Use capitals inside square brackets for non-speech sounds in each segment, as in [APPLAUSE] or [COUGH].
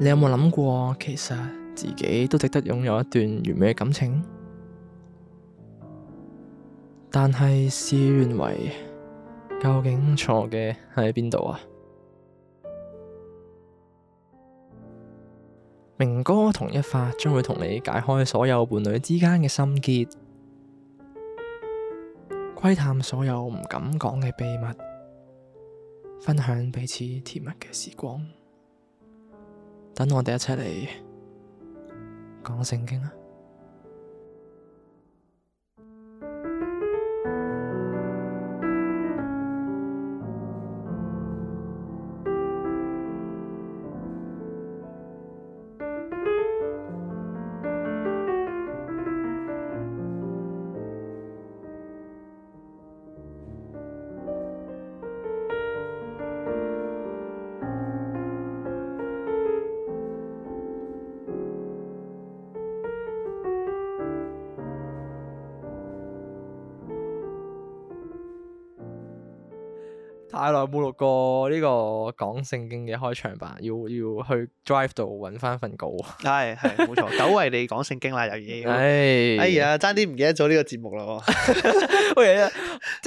你有冇諗過，其實自己都值得擁有一段完美嘅感情？但係事與願違，究竟錯嘅喺邊度啊？明哥同一發將會同你解開所有伴侶之間嘅心結，窺探所有唔敢講嘅秘密，分享彼此甜蜜嘅時光。等我哋一齊嚟講性經啦。有冇錄過呢個講性經嘅開場白，要要去 drive 度揾翻份稿、 [LAUGHS] 哎。係係冇錯，久違你講性經啦， [LAUGHS] 又已經哎呀，差啲唔記得咗呢個節目啦喎。 [LAUGHS] [LAUGHS] 喂啊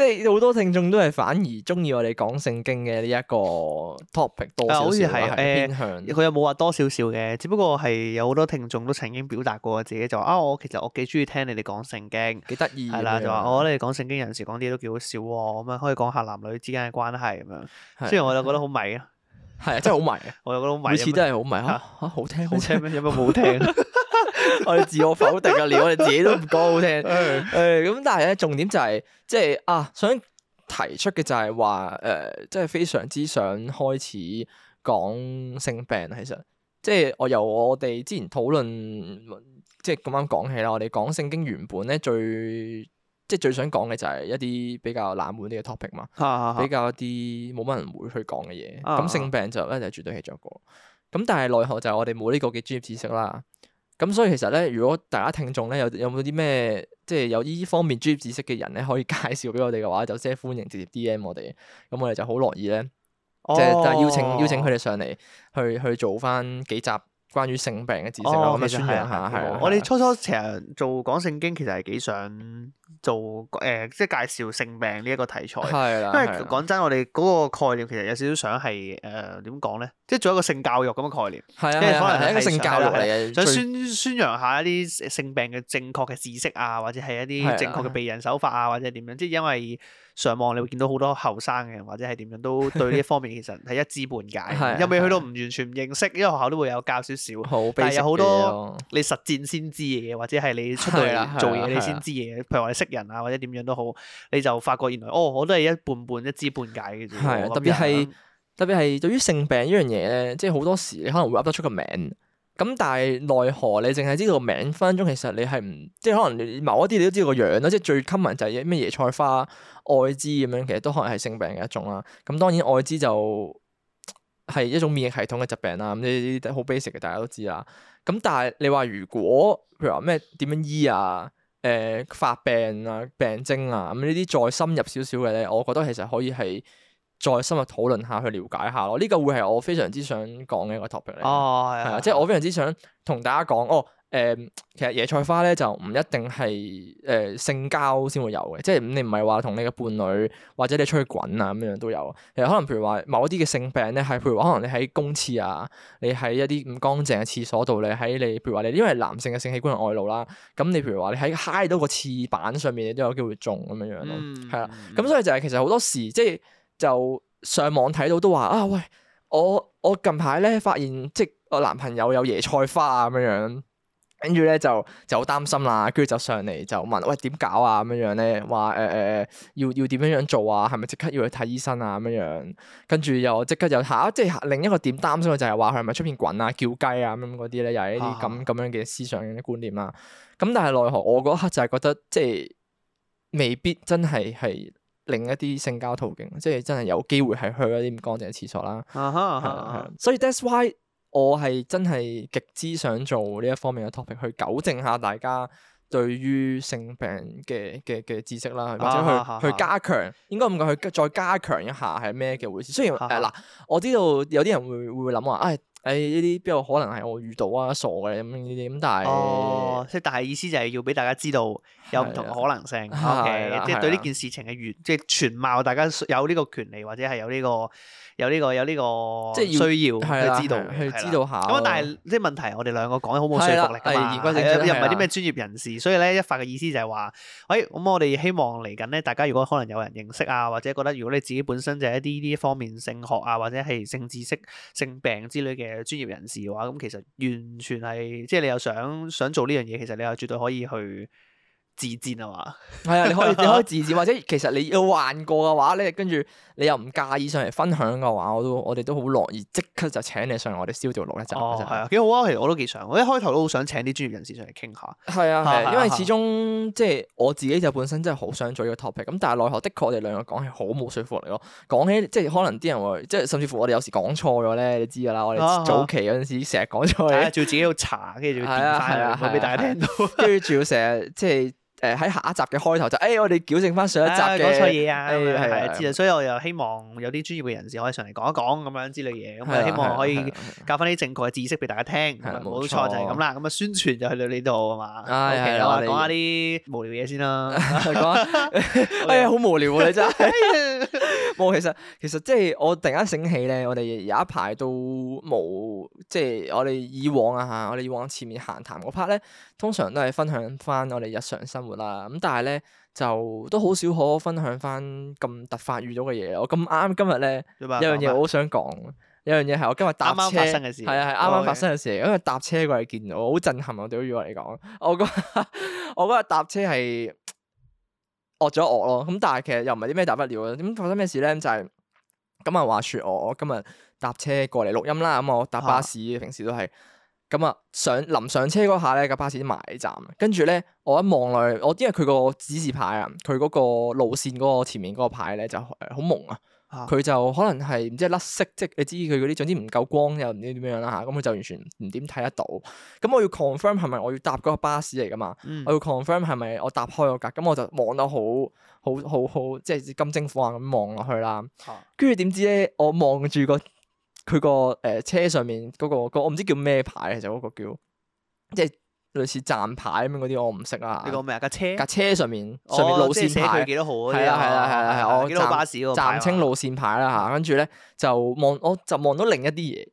即係好多聽眾都係反而中意我哋講性經嘅呢一個 topic，多點點、呃、好似話、呃、偏向。佢有冇話多少少嘅？只不過係有好多聽眾都曾經表達過自己就話啊，我其實我幾中意聽你哋講性經，幾得意。係啦，就話、啊、我覺得你哋講性經人士講啲嘢都幾好笑喎，咁樣可以講下男女之間嘅關係咁樣。雖然我，覺 [LAUGHS] [LAUGHS] 我就覺得好迷，迷 [LAUGHS] 啊，係啊，真係好迷啊，我又覺得好迷，好似真係好迷啊，好聽好聽咩？有咩冇聽？ [LAUGHS] 我哋自我否定啊，連我哋自己都唔講好聽。誒、 [LAUGHS] 嗯，咁但係咧，重點就係、是，即係啊，想提出嘅就係、是、話，誒、呃，即係非常之想開始講性病。其實，即係我由我哋之前討論，即係咁啱講起啦。我哋講性經原本咧，最即係最想講嘅就係一啲比較冷門啲嘅 topic 嘛， [LAUGHS] 比較一啲冇乜人會去講嘅嘢。咁 [LAUGHS] 性病就咧就是、絕對係一個。咁但係奈何就係我哋冇呢個嘅專業知識啦。咁、嗯、所以其實咧，如果大家聽眾咧有有冇啲咩即係有依方面專業知識嘅人咧，可以介紹俾我哋嘅話，就即係歡迎直接 DM 我哋，咁我哋就好樂意咧，哦、即係邀請邀請佢哋上嚟，去去做翻幾集。關於性病嘅知識咯，咁啊、哦、宣揚下係啦。我哋初初成日做講性經，其實係幾想做誒、呃，即係介紹性病呢一個題材。是的 因為講真，我哋嗰個概念其實有少少想係誒，點講咧？即係做一個性教育咁嘅概念，即係是的 可能係一個性教育嚟嘅，想宣宣揚下一啲性病嘅正確嘅知識啊，或者係一啲正確嘅避孕手法啊，或者係點樣？即係因為。上網你會見到好多後生嘅人，或者係點樣都對呢方面其實係一知半解，又未 [LAUGHS] 的去到唔完全唔認識，因為學校都會有教少少，但係有好多你實踐先知嘅嘢，或者係你出到嚟做嘢你先知嘅嘢，譬如話你識人啊，或者點樣都好，你就發覺原來哦，我都係一半半一知半解嘅，的這樣 特別係想特別係對於性病呢樣嘢咧，即係好多時你可能會噏得出個名。咁但係奈何你淨係知道個名，分分鐘其實你係唔即係可能你某一啲你都知道個樣啦，即係最吸引人就係咩椰菜花愛滋咁樣，其實都可能係性病嘅一種啦。咁當然愛滋就係一種免疫系統嘅疾病啦，咁呢啲好 basic 嘅大家都知啦。咁但係你話如果譬如話咩點樣醫啊，誒、呃、發病啊、病徵啊咁呢啲再深入少少嘅咧，我覺得其實可以係。再深入討論下去，了解下咯，呢個會係我非常之想講嘅一個 topic 嚟、哦嘅。哦，係啊，即係我非常之想同大家講，哦，誒，其實野菜花咧就唔一定係誒、呃、性交先會有嘅，即係你唔係話同你嘅伴侶或者你出去滾啊咁樣都有。其實可能譬如話某啲嘅性病咧係譬如話可能你喺公廁啊，你喺一啲唔乾淨嘅廁所度你喺你譬如話你因為男性嘅性器官係外露啦，咁你譬如話你喺揩到個廁板上面，你都有機會中咁樣樣咯。嗯，係啦，咁所以就係其實好多時即係。就上網睇到都話啊，喂！我我近排咧發現，即我男朋友有椰菜花啊咁樣樣，跟住咧就就好擔心啦，跟住就上嚟就問喂點搞啊咁樣樣咧？話誒誒誒，要要點樣樣做啊？係咪即刻要去睇醫生啊咁樣樣？跟住又即刻又下。即係另一個點擔心嘅就係話佢係咪出邊滾啊、叫雞啊咁嗰啲咧？又係呢啲咁咁樣嘅思想、啲觀念啦。咁但係奈何我嗰刻就係覺得即係未必真係係。另一啲性交途徑，即係真係有機會係去一啲唔乾淨嘅廁所啦。係啊，所以 that's why 我係真係極之想做呢一方面嘅 topic，去糾正下大家對於性病嘅嘅嘅知識啦，或者去、啊啊啊、去加強，應該咁講去再加強一下係咩嘅回事。啊、雖然誒嗱、啊啊，我知道有啲人會會諗話，哎。誒，呢啲邊有可能係我遇到啊？傻嘅咁呢啲咁，但係哦，即係但係意思就係要俾大家知道有唔同嘅可能性，即係對呢件事情嘅全即係全貌，大家有呢個權利或者係有呢個有呢個有呢個即係需要的去知道，去知道下。咁但係啲問題我兩，我哋兩個講得好冇說服力噶嘛，係啦，又唔係啲咩專業人士，所以咧一發嘅意思就係話，誒、哎，咁我哋希望嚟緊咧，大家如果可能有人認識啊，或者覺得如果你自己本身就係一啲呢方面性學啊，或者係性知識、性病之類嘅。誒專業人士嘅話，咁其實完全係，即係你又想想做呢樣嘢，其實你又絕對可以去。自薦啊嘛，係啊，你可以你可以自薦，或者其實你要玩過嘅話咧，跟住你又唔介意上嚟分享嘅話，我都我哋都好樂意即刻就請你上嚟，我哋燒條路一就係啊，幾好啊，其實我都幾想，我一開頭都好想請啲專業人士上嚟傾下，係啊，係、啊，啊、因為始終即係我自己就本身真係好想做呢個 topic，咁但係奈何的確我哋兩個講係好冇說服力咯，講起即係、就是、可能啲人會即係甚至乎我哋有時講錯咗咧，你知㗎啦，我哋早期嗰陣時成日講錯， [LAUGHS] 仲要自己去查，跟住就變翻，會俾、啊啊啊、大家聽到，跟住仲要成日即係。就是誒喺下一集嘅開頭就，誒我哋矯正翻上一集嘅錯嘢啊，係啊，係啊，所以我又希望有啲專業嘅人士可以上嚟講一講咁樣之類嘢，咁啊希望可以教翻啲正確嘅知識俾大家聽，冇錯就係咁啦，咁啊宣傳就去到呢度啊嘛，OK 啦，講下啲無聊嘢先啦，講啊，哎呀好無聊喎你真係。冇，其實其實即係我突然間醒起咧，我哋有一排都冇，即係我哋以往啊下我哋以往前面閒談嗰 part 咧，通常都係分享翻我哋日常生活啦。咁但係咧，就都好少可分享翻咁突發遇到嘅嘢。我咁啱今日咧，有樣嘢我好想講。有樣嘢係我今日搭車，係啊係啱啱發生嘅事。因為搭車嗰日見到，好震撼我對我嚟講。我嗰日我嗰日搭車係，惡咗惡咯，咁但係其實又唔係啲咩大不了啊？點？發生咩事咧？就係、是、今日話說我，我今日搭車過嚟錄音啦，咁我搭巴士，平時都係咁啊，上臨上車嗰下咧，架巴士埋站，跟住咧我一望落去，我因為佢個指示牌，啊佢嗰個路線嗰個前面嗰個牌咧就誒好蒙啊。佢就可能係唔知甩色，即係你知佢嗰啲，總之唔夠光又唔知點樣啦，咁佢就完全唔點睇得到。咁我要 confirm 係咪我要搭嗰個巴士嚟㗎嘛？嗯、我要 confirm 係咪我搭開嗰格。咁我就望到好好好好，即係金睛火眼咁望落去啦。跟住點知咧？我望住個佢個誒車上面嗰個個，我唔知叫咩牌，其實嗰個叫即係。類似站牌咁樣嗰啲我唔識啦。你講咩啊？架車架車上面上面路線牌。係啦係啦係啦係啦。就是，幾多巴士嗰個牌？站清路線牌啦吓，跟住咧就望，我就望到另一啲嘢。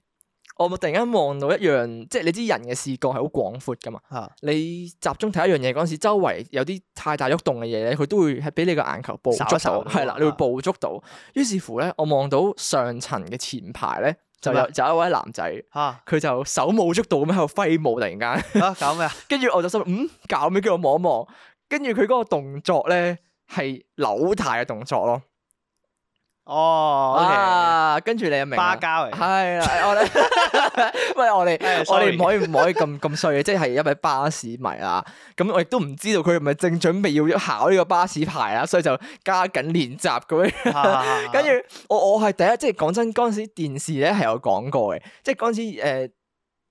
我咪突然間望到一樣，即係你知人嘅視覺係好廣闊噶嘛。 [LAUGHS] 你集中睇一樣嘢嗰陣時，周圍有啲太大喐動嘅嘢咧，佢都會係俾你個眼球捕捉到。係啦，你會捕捉到。於是乎咧，我望到上層嘅前排咧。就有就一位男仔，佢、啊、就手舞足蹈咁喺度揮舞，突然間、啊，搞咩？啊，跟住我就心諗，嗯，搞咩？叫我望一望，跟住佢嗰個動作咧係扭軚嘅動作咯。哦，oh, okay. 啊，跟住你又明白，巴交嚟，係啦，我哋，喂，我哋，我哋唔可以唔 [LAUGHS] 可以咁咁衰嘅，即係一位巴士迷啦。咁我亦都唔知道佢係咪正準備要考呢個巴士牌啦，所以就加緊練習咁樣。跟 [LAUGHS] 住 [LAUGHS] [LAUGHS] 我我係第一，即係講真，嗰陣時電視咧係有講過嘅，即係嗰陣時誒。呃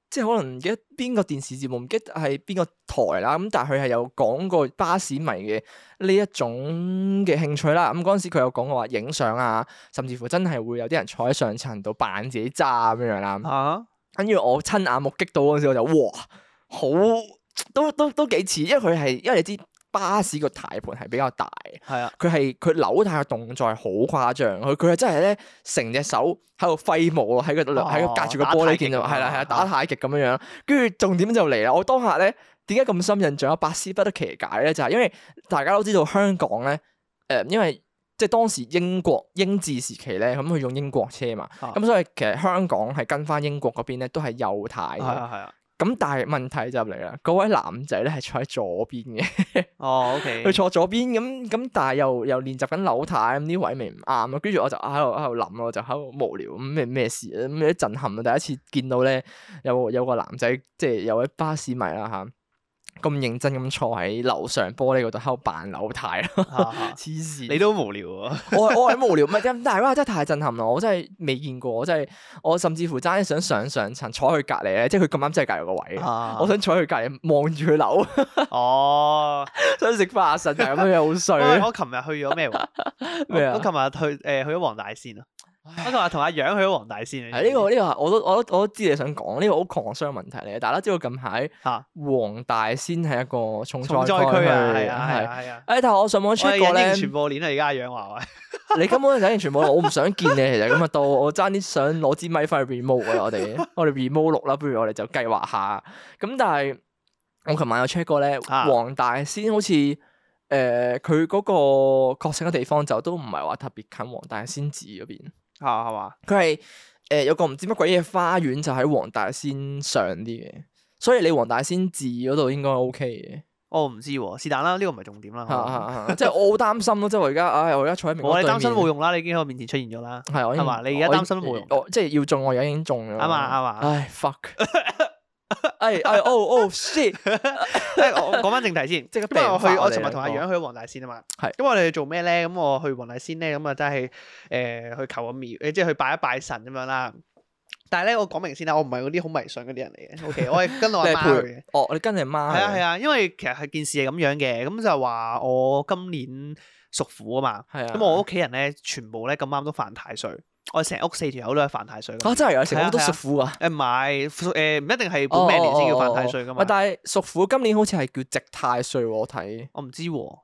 即係可能唔記得邊個電視節目，唔記得係邊個台啦。咁但係佢係有講過巴士迷嘅呢一種嘅興趣啦。咁嗰陣時佢有講過話影相啊，甚至乎真係會有啲人坐喺上層度扮自己揸咁樣啦。嚇、啊！跟住我親眼目擊到嗰陣時，我就哇，好都都都幾似，因為佢係因為你知。巴士個軚盤係比較大，係是啊，佢係佢扭軚嘅動作係好誇張，佢佢係真係咧，成隻手喺度揮舞喎，喺度喺個隔住個玻璃見到，係啦係啊，打太極咁樣樣，跟住、啊、重點就嚟啦，我當下咧點解咁深印象百思不得其解咧，就係、是、因為大家都知道香港咧，誒，因為即係當時英國英治時期咧，咁佢用英國車嘛，咁、啊啊、所以其實香港係跟翻英國嗰邊咧都係右軚，太，係啊係啊。咁但係問題就嚟啦，嗰位男仔咧係坐喺左邊嘅，哦，OK，佢坐左邊，咁咁但係又又練習緊扭太，咁呢位咪唔啱啊！跟住我就喺度喺度諗咯，我就喺度無聊，咁咩咩事啊？咁有啲震撼啊！第一次見到咧，有有個男仔即係有位巴士迷啦嚇。啊咁認真咁坐喺樓上玻璃嗰度，喺度扮樓，太黐線！ [LAUGHS] 你都無聊啊 [LAUGHS] 我！我我係無聊，唔係點？但係哇，真係太震撼啦！我真係未見過，我真係我甚至乎真係想上上層坐佢隔離咧，即係佢咁啱即係隔籬個位，啊、我想坐佢隔離望住佢樓。哦， [LAUGHS] 想食花生嘅咩？又好衰我琴日去咗咩？咩啊、哎？我琴日去誒 [LAUGHS] 麼去咗黃大仙啊！我過話同阿楊去咗黃大仙，係呢、 [LAUGHS] 這個呢、這個我都我都我都知你想講呢、這個好狂傷問題嚟。大家知道近排吓黃大仙係一個重災，重災區啊，係啊係啊。誒、啊，啊、但係我上網 check 過咧，已經傳播鏈而家阿楊話喂， [LAUGHS] 你根本就已經傳播鏈，我唔想見你。其實咁啊，到我爭啲想攞支咪翻去 remove 嘅，我哋 [LAUGHS] 我哋 remove 六啦。不如我哋就計劃下咁。但係我琴晚有 check 過咧，黃大仙好似誒佢嗰個確診嘅地方就都唔係話特別近黃大仙寺嗰邊。係啊，係佢係誒有個唔知乜鬼嘢花園就喺黃大仙上啲嘅，所以你黃大仙寺嗰度應該 OK 嘅，哦啊這個哎。我唔知喎，是但啦，呢個唔係重點啦。即係我好擔心咯，即係我而家，唉，我而家坐喺明。我哋擔心冇用啦，你已經喺我面前出現咗啦。係吧，係嘛吧，你而家擔心都冇用。即係要種，我而家已經種咗。啱啊吧，啱啊吧。唉，fuck。 [LAUGHS] 哎哎哦哦，shit！即係我講翻正題先，不過我去我尋日同阿楊去黃大仙啊嘛，係咁我哋做咩咧？咁我去黃大仙咧，咁啊真係誒去求個廟，誒即係去拜一拜神咁樣啦。但係咧我講明先啦，我唔係嗰啲好迷信嗰啲人嚟嘅。O、okay, K，我係跟到我阿媽， [LAUGHS] 哦你跟你媽，係啊係啊，因為其實係件事係咁樣嘅，咁就話我今年屬虎啊嘛，咁、啊啊、我屋企人咧全部咧咁啱都犯太歲。我哋成屋四條友都係犯太歲，嚇、哦、真係有成屋都屬虎啊！誒唔係，誒唔一定係本命年先叫犯太歲噶嘛，哦哦嗯、但係屬虎今年好似係叫值太歲喎，我睇。我唔知喎、啊。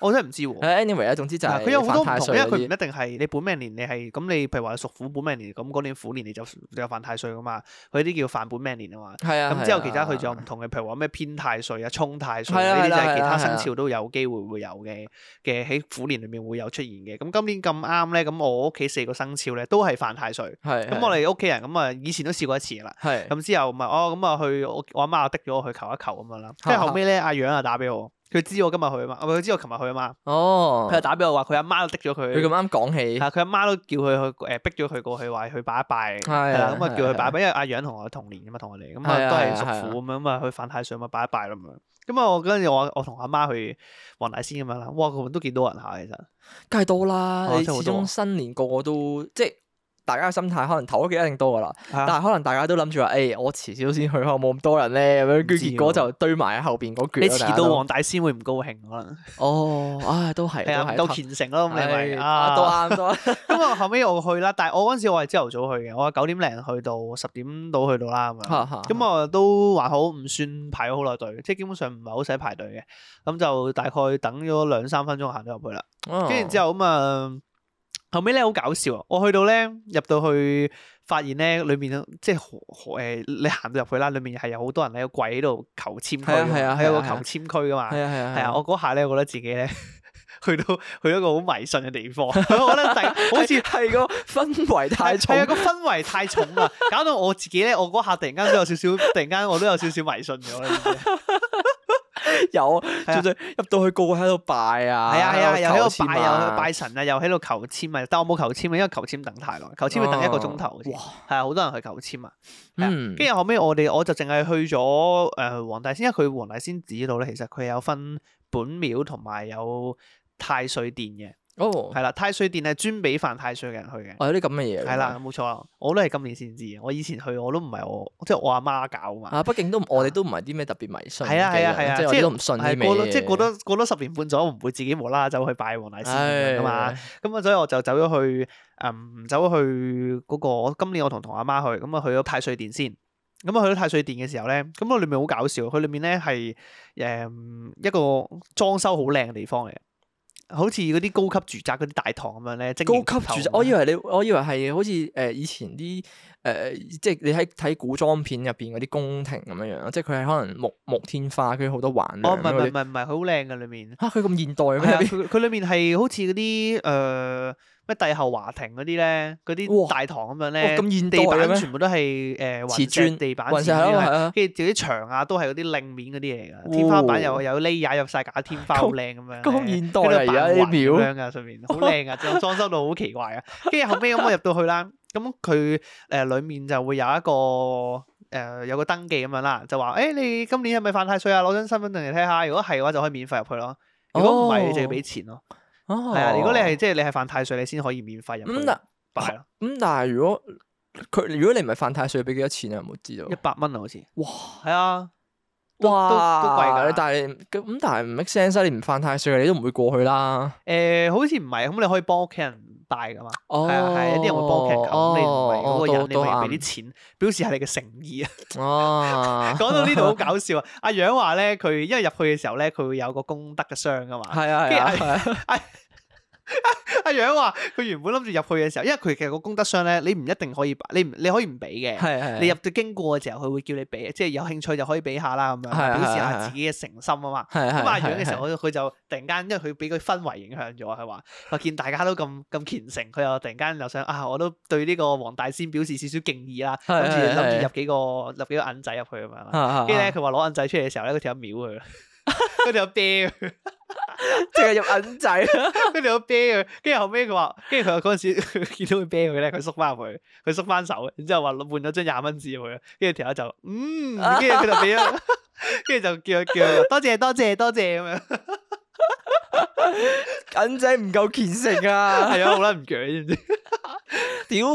我真係唔知喎、啊。Anyway，總之就係佢有好多唔同，因為佢唔一定係你本命年你，你係咁你譬如話屬虎本命年，咁嗰年虎年你就就有犯太歲噶嘛，佢啲叫犯本命年啊嘛。係啊。咁之後其他佢仲有唔同嘅，譬如話咩偏太歲、沖太歲啊、沖太歲呢啲，就係其他生肖都有機會會有嘅嘅喺虎年裏面會有出現嘅。咁今年咁啱咧，咁我屋企四個生肖咧都係犯太歲。係。咁我哋屋企人咁啊，啊以前都試過一次啦。係。咁之後咁啊，咁啊去我阿媽啊，的咗、哦嗯、我，我去求一求咁樣啦。即係後尾咧、啊，阿楊啊打俾我。佢知我今日去啊嘛，佢知我琴日去啊嘛。哦，佢就打俾我話佢阿媽逼咗佢。佢咁啱講起，佢阿媽都叫佢去誒逼咗佢過去，話去拜一拜。咁啊叫佢拜，因為阿楊同我同年噶嘛，同我哋咁啊都係屬虎咁樣，咁啊去犯太歲咪拜一拜咁樣。咁啊我嗰陣時我我同阿媽去黃大仙咁樣啦，哇佢都幾多人下，其實，梗係多啦，哦、你始終新年個個都即大家嘅心態可能頭嗰幾日一定多噶啦，但係可能大家都諗住話：誒，我遲少先去，可能冇咁多人咧？咁樣，結果就堆埋喺後邊嗰撅。你遲到黃大仙會唔高興？可能哦，啊，都係，係啊，夠虔誠咯，咁你咪啊，都啱，咁啊，後尾我去啦，但係我嗰陣時我係朝頭早去嘅，我九點零去到十點到去到啦，咁啊，咁啊都還好，唔算排咗好耐隊，即係基本上唔係好使排隊嘅，咁就大概等咗兩三分鐘行咗入去啦。跟住之後咁啊。後尾咧好搞笑啊！我去到咧入到去，發現咧裏面即係誒、呃，你行到入去啦，裏面係有好多人喺個櫃喺度求簽區，係啊，係啊，啊啊有個求簽區噶嘛，係啊係啊係啊，啊！我嗰下咧，我覺得自己咧去到去到一個好迷信嘅地方，我覺得第好似係個氛圍太重，係啊 [LAUGHS] 個氛圍太重啊，搞到我自己咧，我嗰下突然間都有少少， [LAUGHS] 突然間我都有少少迷信咗。 [LAUGHS] 有，最多入到去個個喺度拜啊，係啊係啊，啊又喺度拜、啊，啊、又去拜神啊，又喺度求簽啊，但我冇求簽啊，因為求簽等太耐，求簽要等一個鐘頭，係、哦、啊，好多人去求簽啊，跟住、嗯啊、後尾我哋我就淨係去咗誒黃大仙，因為佢黃大仙祠度咧，其實佢有分本廟同埋有太歲殿嘅。係啦，太歲殿係專俾犯太歲嘅人去嘅。啊、哦，有啲咁嘅嘢。係啦，冇錯，我都係今年先知嘅。我以前去，我都唔係我，即、就、係、是、我阿媽搞嘛啊嘛、啊。啊，畢、啊、竟、啊、即都我哋都唔係啲咩特別迷信嘅人，即係我都唔信咗，即係過咗過咗十年半載，我唔會自己無啦啦走去拜黃大仙啊、哎、呀嘛。咁啊，所以我就走咗去，嗯，走咗去嗰、那個。今年我同同阿媽去，咁啊去咗太歲殿先。咁啊去咗太歲殿嘅時候咧，咁啊裏面好搞笑。佢裏面咧係誒一個裝修好靚嘅地方嚟嘅。好似嗰啲高級住宅嗰啲大堂咁樣咧，即高，高級住宅。我以為你，我以為係好似誒、呃、以前啲。誒，即係你喺睇古裝片入邊嗰啲宮廷咁樣樣，即係佢係可能木木天花，佢好多環。哦，唔係唔係唔係，佢好靚嘅裏面。吓，佢咁現代咩？佢佢裏面係好似嗰啲誒咩帝后華庭嗰啲咧，嗰啲大堂咁樣咧。咁現地板全部都係誒瓷磚地板，瓷磚跟住仲有啲牆啊，都係嗰啲靚面嗰啲嚟㗎。天花板又有 layer，有曬假天花好靚咁樣。咁現代啊！跟住擺環咁樣㗎，上面好靚㗎，就裝修到好奇怪啊！跟住後屘咁，我入到去啦。咁佢誒裏面就會有一個誒、呃、有個登記咁樣啦，就話誒、欸、你今年係咪犯太歲啊？攞張身份證嚟睇下，如果係嘅話就可以免費入去咯。如果唔係，你、哦、就要俾錢咯。哦，係啊，如果你係即係你係犯太歲，你先可以免費入去。咁、嗯、但係的，如果佢如果你唔係犯太歲，俾幾多錢啊？冇知道？一百蚊啊，好似哇。哇，係啊哇，哇都，都貴㗎。但係咁，但係唔 make sense 你唔犯太歲，你都唔會過去啦。誒、呃，好似唔係，咁你可以幫屋企人。大噶嘛，係、哦、啊係，有啲、啊、人會幫劇組，你唔係嗰個人你，你會俾啲錢表示下你嘅誠意啊。講、哦、 [LAUGHS] 到呢度好搞笑啊！哦、呵呵，阿楊話咧，佢因為入去嘅時候咧，佢會有個功德嘅箱噶嘛，係啊、嗯，跟住阿阿楊話佢原本諗住入去嘅時候，因為佢其實個功德箱咧，你唔一定可以，你唔你可以唔俾嘅。係係。你入到經過嘅時候，佢會叫你俾，即係有興趣就可以俾下啦咁樣，表示下自己嘅誠心啊嘛。係係。咁阿楊嘅時候，佢佢就突然間，因為佢俾個氛圍影響咗，佢話，我見大家都咁咁虔誠，佢又突然間又想啊，我都對呢個黃大仙表示少少敬意啦，諗住諗住入幾個入幾個銀仔入去咁樣。啊啊。跟住咧，佢話攞銀仔出嚟嘅時候，咧佢就秒佢佢條啤，淨係用銀仔。佢條啤佢，跟住後尾佢話，跟住佢嗰陣時見到佢啤佢，咧，佢縮翻佢，佢縮翻手，然之後話換咗張廿蚊紙佢，跟住條友就嗯，跟住佢就俾咗，跟住就叫佢叫佢多謝多謝多謝咁樣。銀仔唔夠虔誠啊，係 [LAUGHS] 啊，好啦，唔鋸知？屌，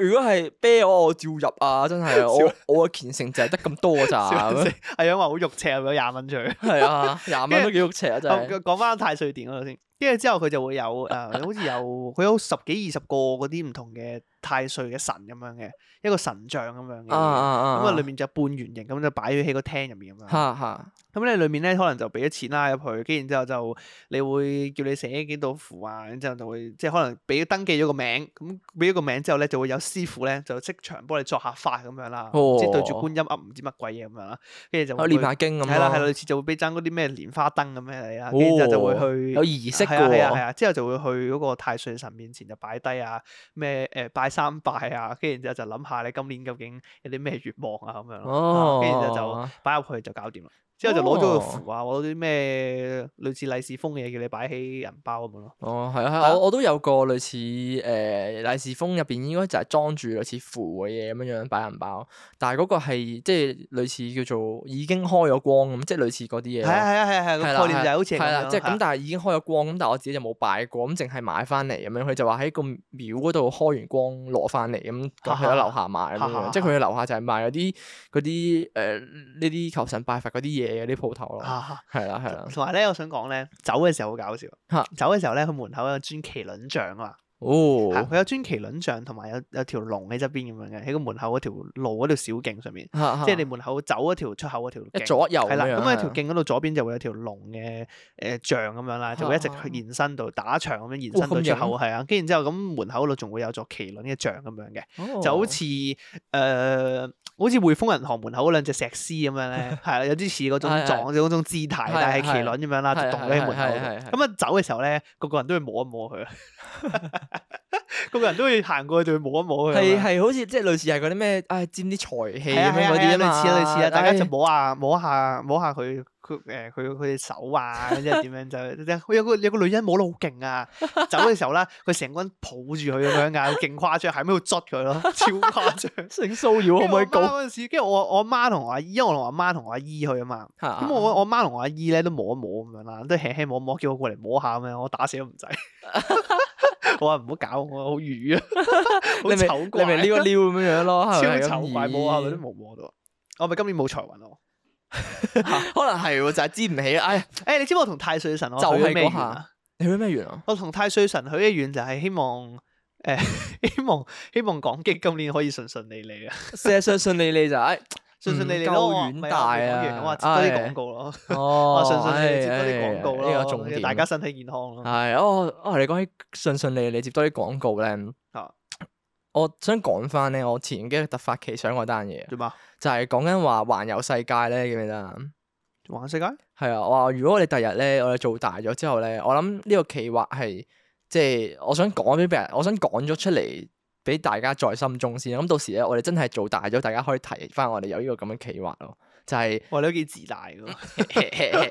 如果係啤我我照入啊，真係我我嘅虔誠就係得咁多咋，係啊，話好、 [LAUGHS] 啊、肉赤咗廿蚊出，係 [LAUGHS] 啊，廿蚊都幾肉赤啊，真係。 [LAUGHS] 講翻太歲殿嗰度先，跟住之後佢就會有誒，好似有佢有十幾二十個嗰啲唔同嘅。太歲嘅神咁樣嘅一個神像咁樣嘅，咁啊裏面就半圓形咁就擺咗喺個廳入面咁樣。嚇嚇咁咧，裏面咧可能就俾咗錢啦入去，跟住然之後就你會叫你寫幾多符啊，然之後就會即係可能俾登記咗個名，咁俾咗個名之後咧就會有師傅咧就即場幫你作下法咁、哦啊、樣、啊、啦，即係對住觀音噏唔知乜鬼嘢咁樣啦，跟住就念下經咁。係啦，係類似就會俾爭嗰啲咩蓮花燈咁樣嚟啊，跟住之後就會去、哦、有儀式㗎、啊，係啊係啊，之後就會去嗰個太歲神面前就擺低啊咩誒拜。三拜啊，跟住然之後就諗下你今年究竟有啲咩願望啊咁樣咯，跟住、oh, oh, oh, oh. 就就擺入去就搞掂啦。之後就攞咗個符啊，攞啲咩類似利是封嘅嘢，叫你擺喺銀包咁樣咯。哦，係啊，係啊，我我都有個類似誒利是封入邊，應該就係裝住類似符嘅嘢咁樣樣擺銀包。但係嗰個係即係類似叫做已經開咗光咁，即係類似嗰啲嘢。係係係係，個概念就好似咁。係啦，即係咁，但係已經開咗光咁，但係我自己就冇擺過，咁淨係買翻嚟咁樣。佢就話喺個廟嗰度開完光攞翻嚟咁，佢喺樓下賣咁樣樣。即係佢去樓下就係賣嗰啲嗰啲誒呢啲求神拜佛嗰啲嘢。嘅啲鋪頭咯，係啦係啦，同埋咧，我想講咧，走嘅時候好搞笑，哈走嘅時候咧，佢門口有個尊麒麟像啊嘛。哦，佢有尊麒麟像，同埋有有條龍喺側邊咁樣嘅，喺個門口嗰條路嗰條小徑上面，即係你門口走嗰條出口嗰條，一左右係啦，咁喺條徑嗰度左邊就會有條龍嘅誒像咁樣啦，就會一直延伸到打牆，咁樣延伸到出口，係啊，跟住之後咁門口嗰度仲會有座麒麟嘅像咁樣嘅，就好似誒，好似匯豐銀行門口嗰兩隻石獅咁樣咧，係啊，有啲似嗰種狀嗰種姿態，但係麒麟咁樣啦，就棟喺門口。咁啊走嘅時候咧，個個人都會摸一摸佢。個個 [LAUGHS] 人都會行過去對佢摸一摸，佢係係好似即係類似係嗰啲咩，唉、哎，佔啲財氣咁樣嗰啲啊，類似類似啊，大家就摸下摸下摸下佢佢誒佢佢隻手啊，即係點樣就， [LAUGHS] 有個有個女人摸得好勁啊，走嘅時候啦，佢成個人抱住佢咁樣噶勁誇張，喺邊度捽佢咯，超誇張，性騷擾可唔可以講？ [LAUGHS] 嗰陣時，跟住我我媽同我、我阿姨，因為我同我阿媽同我阿姨去啊嘛，咁 [LAUGHS] 我我媽同我阿姨咧都摸一摸咁樣啦，都輕輕摸一摸，叫我過嚟摸下咁樣，我打死都唔制。 [LAUGHS] 哦、我話唔好搞，我好瘀啊，好醜你咪尿一尿咁樣樣咯，超醜怪冇啊，啲都冇冇到。我咪今年冇財運咯， [LAUGHS] [LAUGHS] 可能係就係知唔起。哎， [LAUGHS] 哎，你知我同太歲神我去就喺嗰下，你去咩願啊？ [LAUGHS] 我同太歲神去嘅願就係希望，誒、哎，希望希望講經今年可以順順利利啊，事事順順利利就係。哎順順利利咯，唔係講完我話接多啲廣告咯，話順順利利接多啲廣告咯，呢、哎哎，這個重點，大家身體健康咯。係哦，啊你講起順順利利接多啲廣告咧，我想講翻咧，我前幾日突發奇想嗰單嘢。啊？就係講緊話環遊世界咧，記唔記得啊？環遊世界係啊，我話如果我哋第日咧，我哋做大咗之後咧，我諗呢個企劃係，即係我想講俾俾人，我想講咗出嚟。俾大家在心中先，咁到時咧，我哋真係做大咗，大家可以提翻我哋有呢個咁嘅企劃咯。就係、是，我哋都幾自大喎，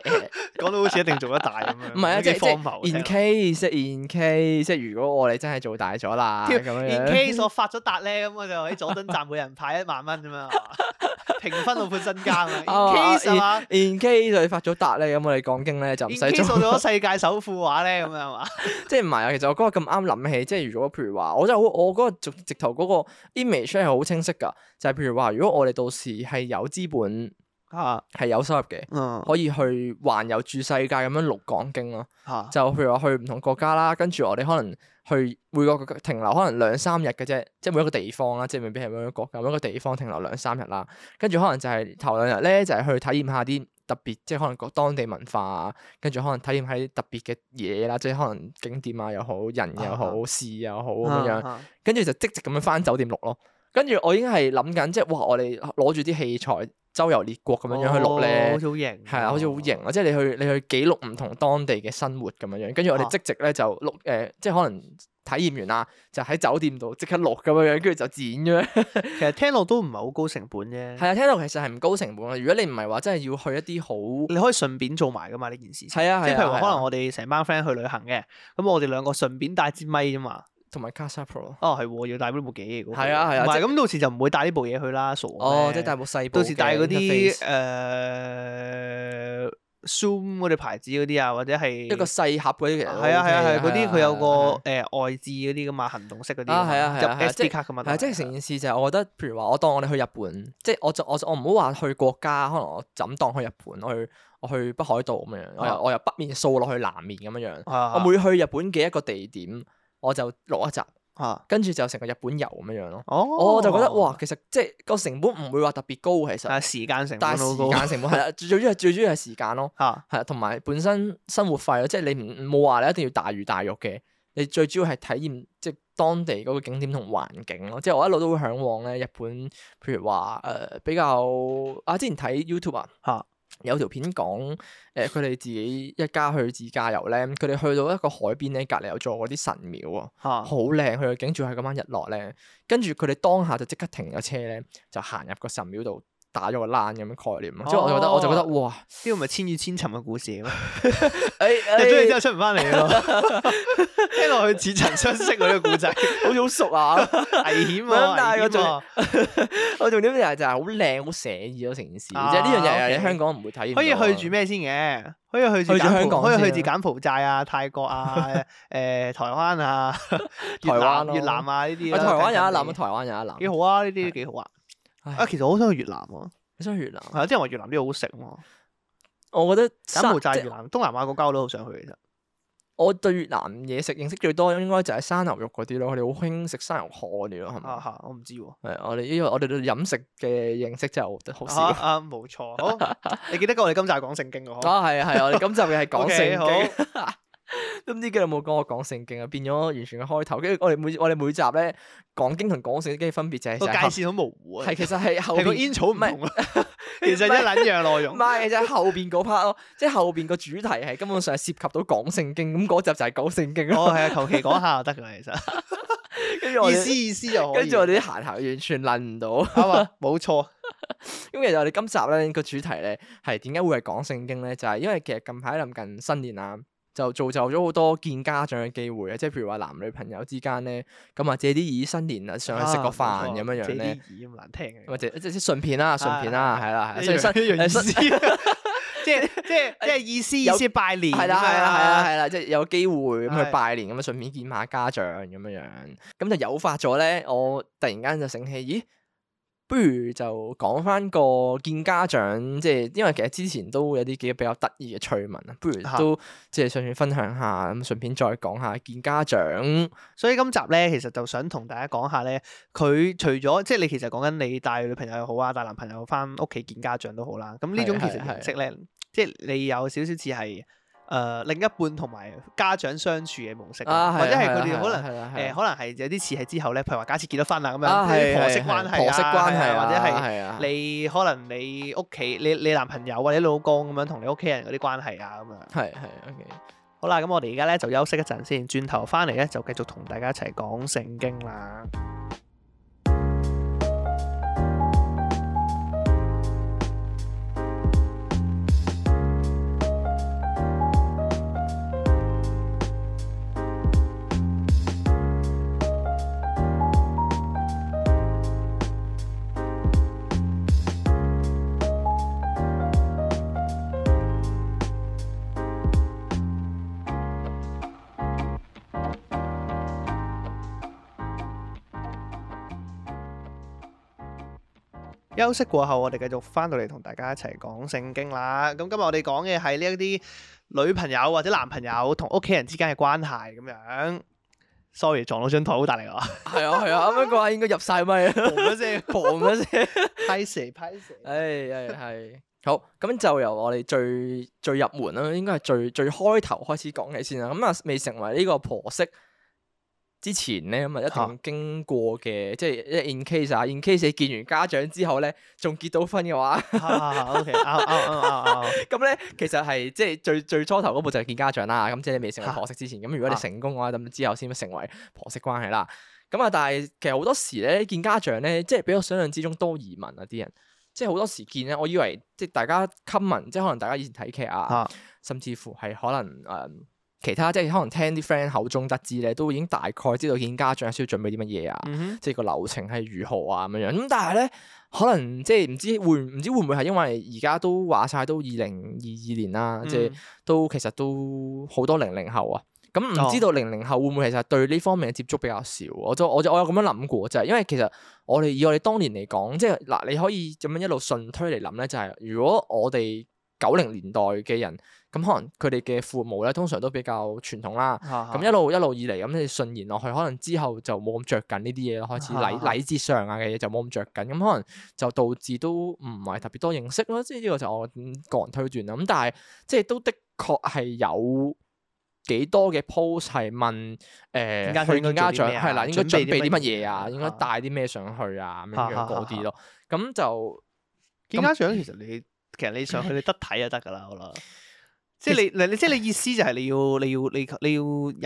講到 [LAUGHS] [LAUGHS] 好似一定做得大咁啊！唔係，一隻荒謬、就是。In case in case，即係如果我哋真係做大咗啦，咁 [LAUGHS] 樣。In case 我發咗達咧，咁我就喺佐敦站每人派一萬蚊咁樣啊！ [LAUGHS] 平分到半身家啊！in case 啊，in case 佢發咗達咧，咁我哋講經咧就唔使。in case 做到世界首富話咧，咁樣係嘛？即係唔係啊？其實我嗰日咁啱諗起，即係如果譬如話，我真係好，我嗰個直直頭嗰個 image 係好清晰㗎，就係、是、譬如話，如果我哋到時係有資本。嚇係有收入嘅，啊、可以去環遊住世界咁樣錄講經咯。啊、就譬如話去唔同國家啦，跟住我哋可能去每個，個停留可能兩三日嘅啫，即係每一個地方啦，即係未必係每一個國家每一個地方停留兩三日啦。跟住可能就係頭兩日咧，就係、是、去體驗下啲特別，即係可能個當地文化啊，跟住可能體驗下啲特別嘅嘢啦，即係可能景點啊又好，人又好，啊、事又好咁、啊啊、樣。跟住就即直接咁樣翻酒店錄咯。跟住我已經係諗緊，即係哇！我哋攞住啲器材周遊列國咁樣樣去錄咧，係啊，好似好型啊！即係你去你去記錄唔同當地嘅生活咁樣樣。跟住我哋即席咧就錄誒，即係可能體驗完啦，就喺酒店度即刻錄咁樣樣，跟住就剪咗。其實聽落都唔係好高成本啫。係啊，聽落其實係唔高成本！如果你唔係話真係要去一啲好，你可以順便做埋噶嘛呢件事。即係譬如話可能我哋成班 friend 去旅行嘅，咁我哋兩個順便帶支咪啫嘛。同埋 Casa Pro 咯，啊係，要帶呢部機嘅？係啊係啊，唔係咁，到時就唔會帶呢部嘢去啦，傻。哦，即係帶部細部。到時帶嗰啲誒 Zoom 嗰啲牌子嗰啲啊，或者係一個細盒嗰啲。係啊係啊係，嗰啲佢有個誒外置嗰啲噶嘛，行動式嗰啲。入 SD 卡咁樣。係啊，即係成件事就係，我覺得譬如話，我當我哋去日本，即係我就我我唔好話去國家，可能我就咁當去日本，我去我去北海道咁樣，我由我由北面掃落去南面咁樣樣。我每去日本嘅一個地點。我就落一集，嚇，跟住就成個日本遊咁樣樣咯。哦、我就覺得哇，其實即係個成本唔會話特別高，其實。係時間成本都高。但係時間成本係啦， [LAUGHS] 最主要最主要係時間咯。嚇，係啊，同埋本身生活費咯，即係你唔冇話你一定要大魚大肉嘅，你最主要係體驗即係當地嗰個景點同環境咯。即係我一路都好向往咧，日本譬如話誒、呃、比較啊，之前睇 YouTube 嚇、啊。有條片講誒，佢、呃、哋自己一家去自駕遊咧，佢哋去到一個海邊咧，隔離有座嗰啲神廟啊，好靚，佢哋景住係咁樣日落咧，跟住佢哋當下就即刻停咗車咧，就行入個神廟度。打咗個爛咁嘅概念，所以我就覺得，我就覺得，哇！呢個咪千與千尋嘅故事咯，入咗去之後出唔翻嚟咯，聽落去似曾相識呢啲故仔，好似好熟啊，危險啊，但係我仲我重點就係就係好靚好寫意嘅城市，即係呢樣嘢香港唔會睇，可以去住咩先嘅？可以去住香港，可以去住柬埔寨啊，泰國啊，誒台灣啊，台灣、越南啊呢啲，台灣有一林，台灣有一林，幾好啊！呢啲幾好啊！啊，其實我好想去越南啊，你想去越南？係啊，即係話越南啲嘢好食啊。我覺得柬埔寨、在越南、東南亞國家我都好想去。其實我對越南嘢食認識最多，應該就係生牛肉嗰啲咯。佢哋好興食生牛河嗰啲咯，係嘛？我唔知。係我哋因為我哋嘅飲食嘅認識就好少。啊，冇錯。你記得過我哋今集講性經啊？啊，係啊係啊，今集係講性經。 [LAUGHS] okay, 好 [LAUGHS] 都唔知幾耐冇講過講性經啊，變咗完全嘅開頭。跟住我哋每我哋每集咧講經同講性經分別就係界線好模糊。係其實係後邊個煙草唔同啊，其實一捻樣內容。唔係，就係後邊嗰 part 咯，即係後邊個主題係根本上係涉及到講性經，咁嗰集就係講性經咯。哦，係啊，求其講下就得噶啦，其實。跟住我意思意思又，跟住我哋啲閒閒完全諗唔到。啱啊，冇錯。咁其實我哋今集咧個主題咧係點解會係講性經咧？就係因為其實近排臨近新年啊。就造就咗好多見家長嘅機會啊！即係譬如話男女朋友之間咧，咁啊借啲意新年啊上去食個飯咁樣樣咧，借啲意咁難聽嘅，或者即係順便啦，順便啦，係啦係，即係即係即係意思意思拜年，係啦係啦係啦係啦，即係有機會咁去拜年咁樣，順便見下家長咁樣樣，咁就誘發咗咧，我突然間就醒起，咦？不如就講翻個見家長，即係因為其實之前都有啲幾比較得意嘅趣聞啊，不如都即係順便分享下，咁順便再講下見家長。所以今集咧，其實就想同大家講下咧，佢除咗即係你其實講緊你帶女朋友又好啊，帶男朋友翻屋企見家長都好啦。咁呢種其實形式咧，是是是即係你有少少似係。誒另一半同埋家長相處嘅模式，或者係佢哋可能誒，可能係有啲似係之後咧，譬如話假設結咗婚啦，咁樣啲婆媳關係啊，或者係你可能你屋企你你男朋友或者老公咁樣同你屋企人嗰啲關係啊咁樣。係係 OK，好啦，咁我哋而家咧就休息一陣先，轉頭翻嚟咧就繼續同大家一齊講性經啦。休息過後，我哋繼續翻到嚟同大家一齊講性經啦。咁今日我哋講嘅係呢一啲女朋友或者男朋友同屋企人之間嘅關係咁樣。Sorry，撞到張台好大力啊！係啊係啊，啱啱嗰下應該入晒咪啦！搏咩先？搏咩先？派蛇派蛇！係係係，哎、 [LAUGHS] 好。咁就由我哋最最入門啦，應該係最最開頭開始講起先啦。咁啊，未成為呢個婆媳。之前咧咁啊，一定經過嘅，啊、即係 in case 啊，in case 你見完家長之後咧，仲結到婚嘅話、啊、，OK，咁咧其實係即係最最初頭嗰步就係見家長啦。咁即係你未成為婆媳之前，咁、啊、如果你成功嘅話，咁、啊、之後先會成為婆媳關係啦。咁啊，但係其實好多時咧見家長咧，即係比我想象之中多移民啊啲人，即係好多時見咧，我以為即係大家親民，即係可能大家以前睇劇啊，啊，甚至乎係可能誒。Um, 其他即係可能聽啲 friend 口中得知咧，都已經大概知道，見家長需要準備啲乜嘢啊？嗯、哼即係個流程係如何啊？咁樣樣咁，但係咧，可能即係唔知會唔唔知會唔會係因為而家都話晒，都二零二二年啦，嗯、即係都其實都好多零零後啊。咁唔知道零零後會唔會其實對呢方面嘅接觸比較少？哦、我就我就我有咁樣諗過，就係因為其實我哋以我哋當年嚟講，即係嗱，你可以咁樣一路順推嚟諗咧，就係、是、如果我哋九零年代嘅人。咁可能佢哋嘅父母咧，通常都比較傳統啦。咁、 [LAUGHS] 嗯、一路一路以嚟咁，你順延落去，可能之後就冇咁着緊呢啲嘢咯。開始禮禮節上啊嘅嘢就冇咁着緊，咁、嗯、可能就導致都唔係特別多認識咯。即係呢個就我個人推斷啦。咁但係即係都的確係有幾多嘅 post 係問誒去、呃、見家長係啦，應該準備啲乜嘢啊？應該帶啲咩上去啊？咁 [LAUGHS] 樣嗰啲咯。咁 [LAUGHS] 就見家長其實你 [LAUGHS] 其實你上去你得睇就得㗎啦，我覺得。即係你嗱，你 [LAUGHS] 即係你意思就係你要你要你你要